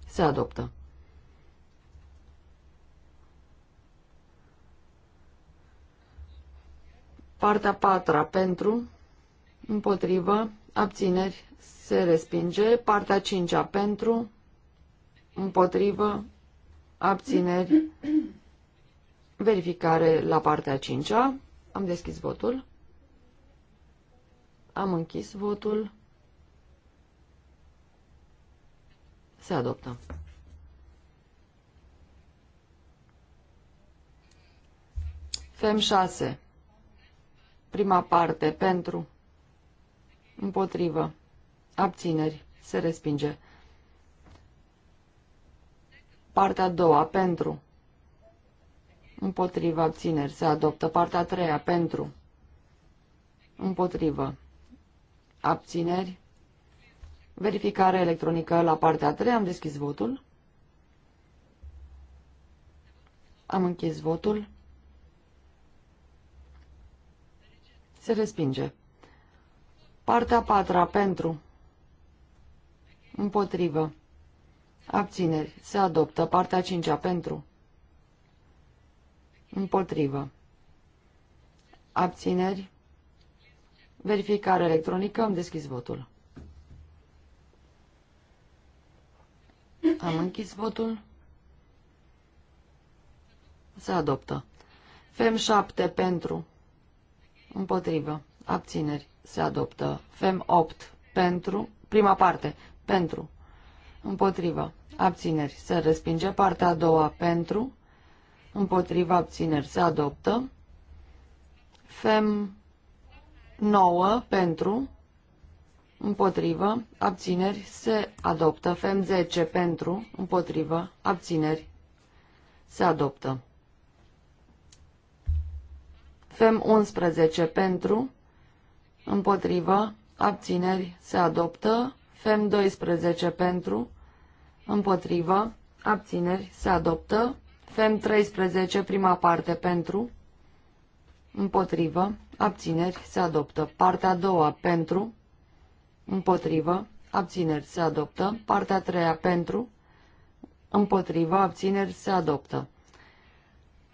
Se adoptă. Partea patra pentru, împotrivă, abțineri, se respinge. Partea cincea pentru, împotrivă, abțineri, verificare la partea cincea. Am deschis votul. Am închis votul. Se adoptă. FEM 6. Prima parte, pentru, împotrivă, abțineri, se respinge. Partea a doua, pentru, împotrivă, abțineri, se adoptă. Partea a treia, pentru, împotrivă, abțineri, verificare electronică la partea a treia, am deschis votul. Am închis votul. Se respinge. Partea a patra pentru. Împotrivă. Abțineri. Se adoptă. Partea a cincea pentru. Împotrivă. Abțineri. Verificare electronică. Am deschis votul. Am închis votul. Se adoptă. FEM 7 pentru. Împotrivă. Abțineri. Se adoptă. Fem 8. Pentru. Prima parte. Pentru. Împotrivă. Abțineri. Se respinge. Partea a doua. Pentru. Împotrivă. Abțineri. Se adoptă. Fem 9. Pentru. Împotrivă. Abțineri. Se adoptă. Fem 10. Pentru. Împotrivă. Abțineri. Se adoptă. FEM 11 pentru, împotrivă, abțineri se adoptă, FEM 12 pentru, împotrivă, abțineri se adoptă, FEM 13 prima parte pentru, împotrivă, abțineri se adoptă, partea a doua pentru, împotrivă, abțineri se adoptă, partea a treia pentru, împotrivă, abțineri se adoptă.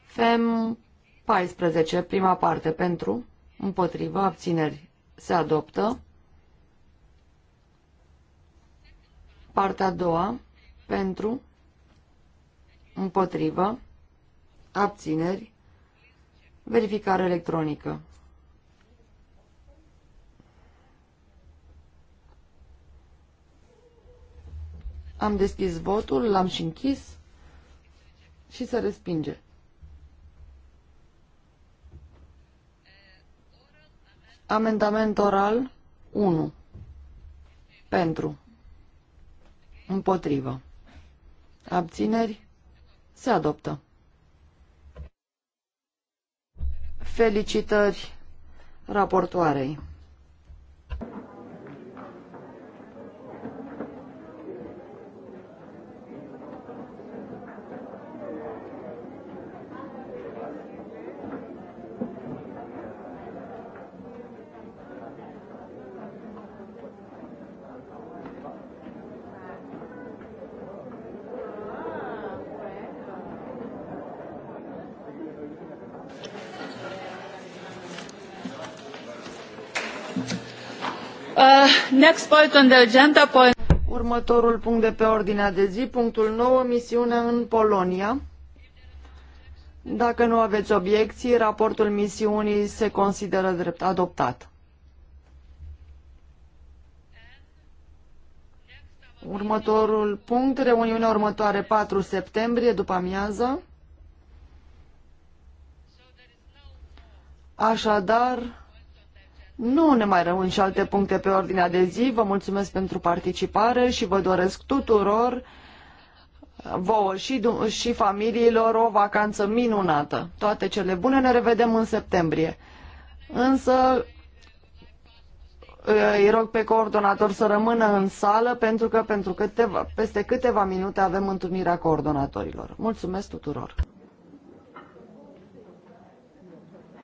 FEM 14, prima parte pentru, împotrivă, abțineri se adoptă. Partea a doua, pentru, împotrivă, abțineri, verificare electronică. Am deschis votul, l-am și închis și se respinge. Amendament oral 1. Pentru. Împotrivă. Abțineri. Se adoptă. Felicitări raportoarei. next point on the agenda point... Următorul punct de pe ordinea de zi, punctul 9, misiunea în Polonia. Dacă nu aveți obiecții, raportul misiunii se consideră drept adoptat. Următorul punct, reuniunea următoare 4 septembrie, după amiază. Așadar, nu ne mai rămân și alte puncte pe ordinea de zi. Vă mulțumesc pentru participare și vă doresc tuturor, vouă și, și familiilor, o vacanță minunată. Toate cele bune, ne revedem în septembrie. Însă îi rog pe coordonator să rămână în sală pentru că pentru câteva, peste câteva minute avem întâlnirea coordonatorilor. Mulțumesc tuturor!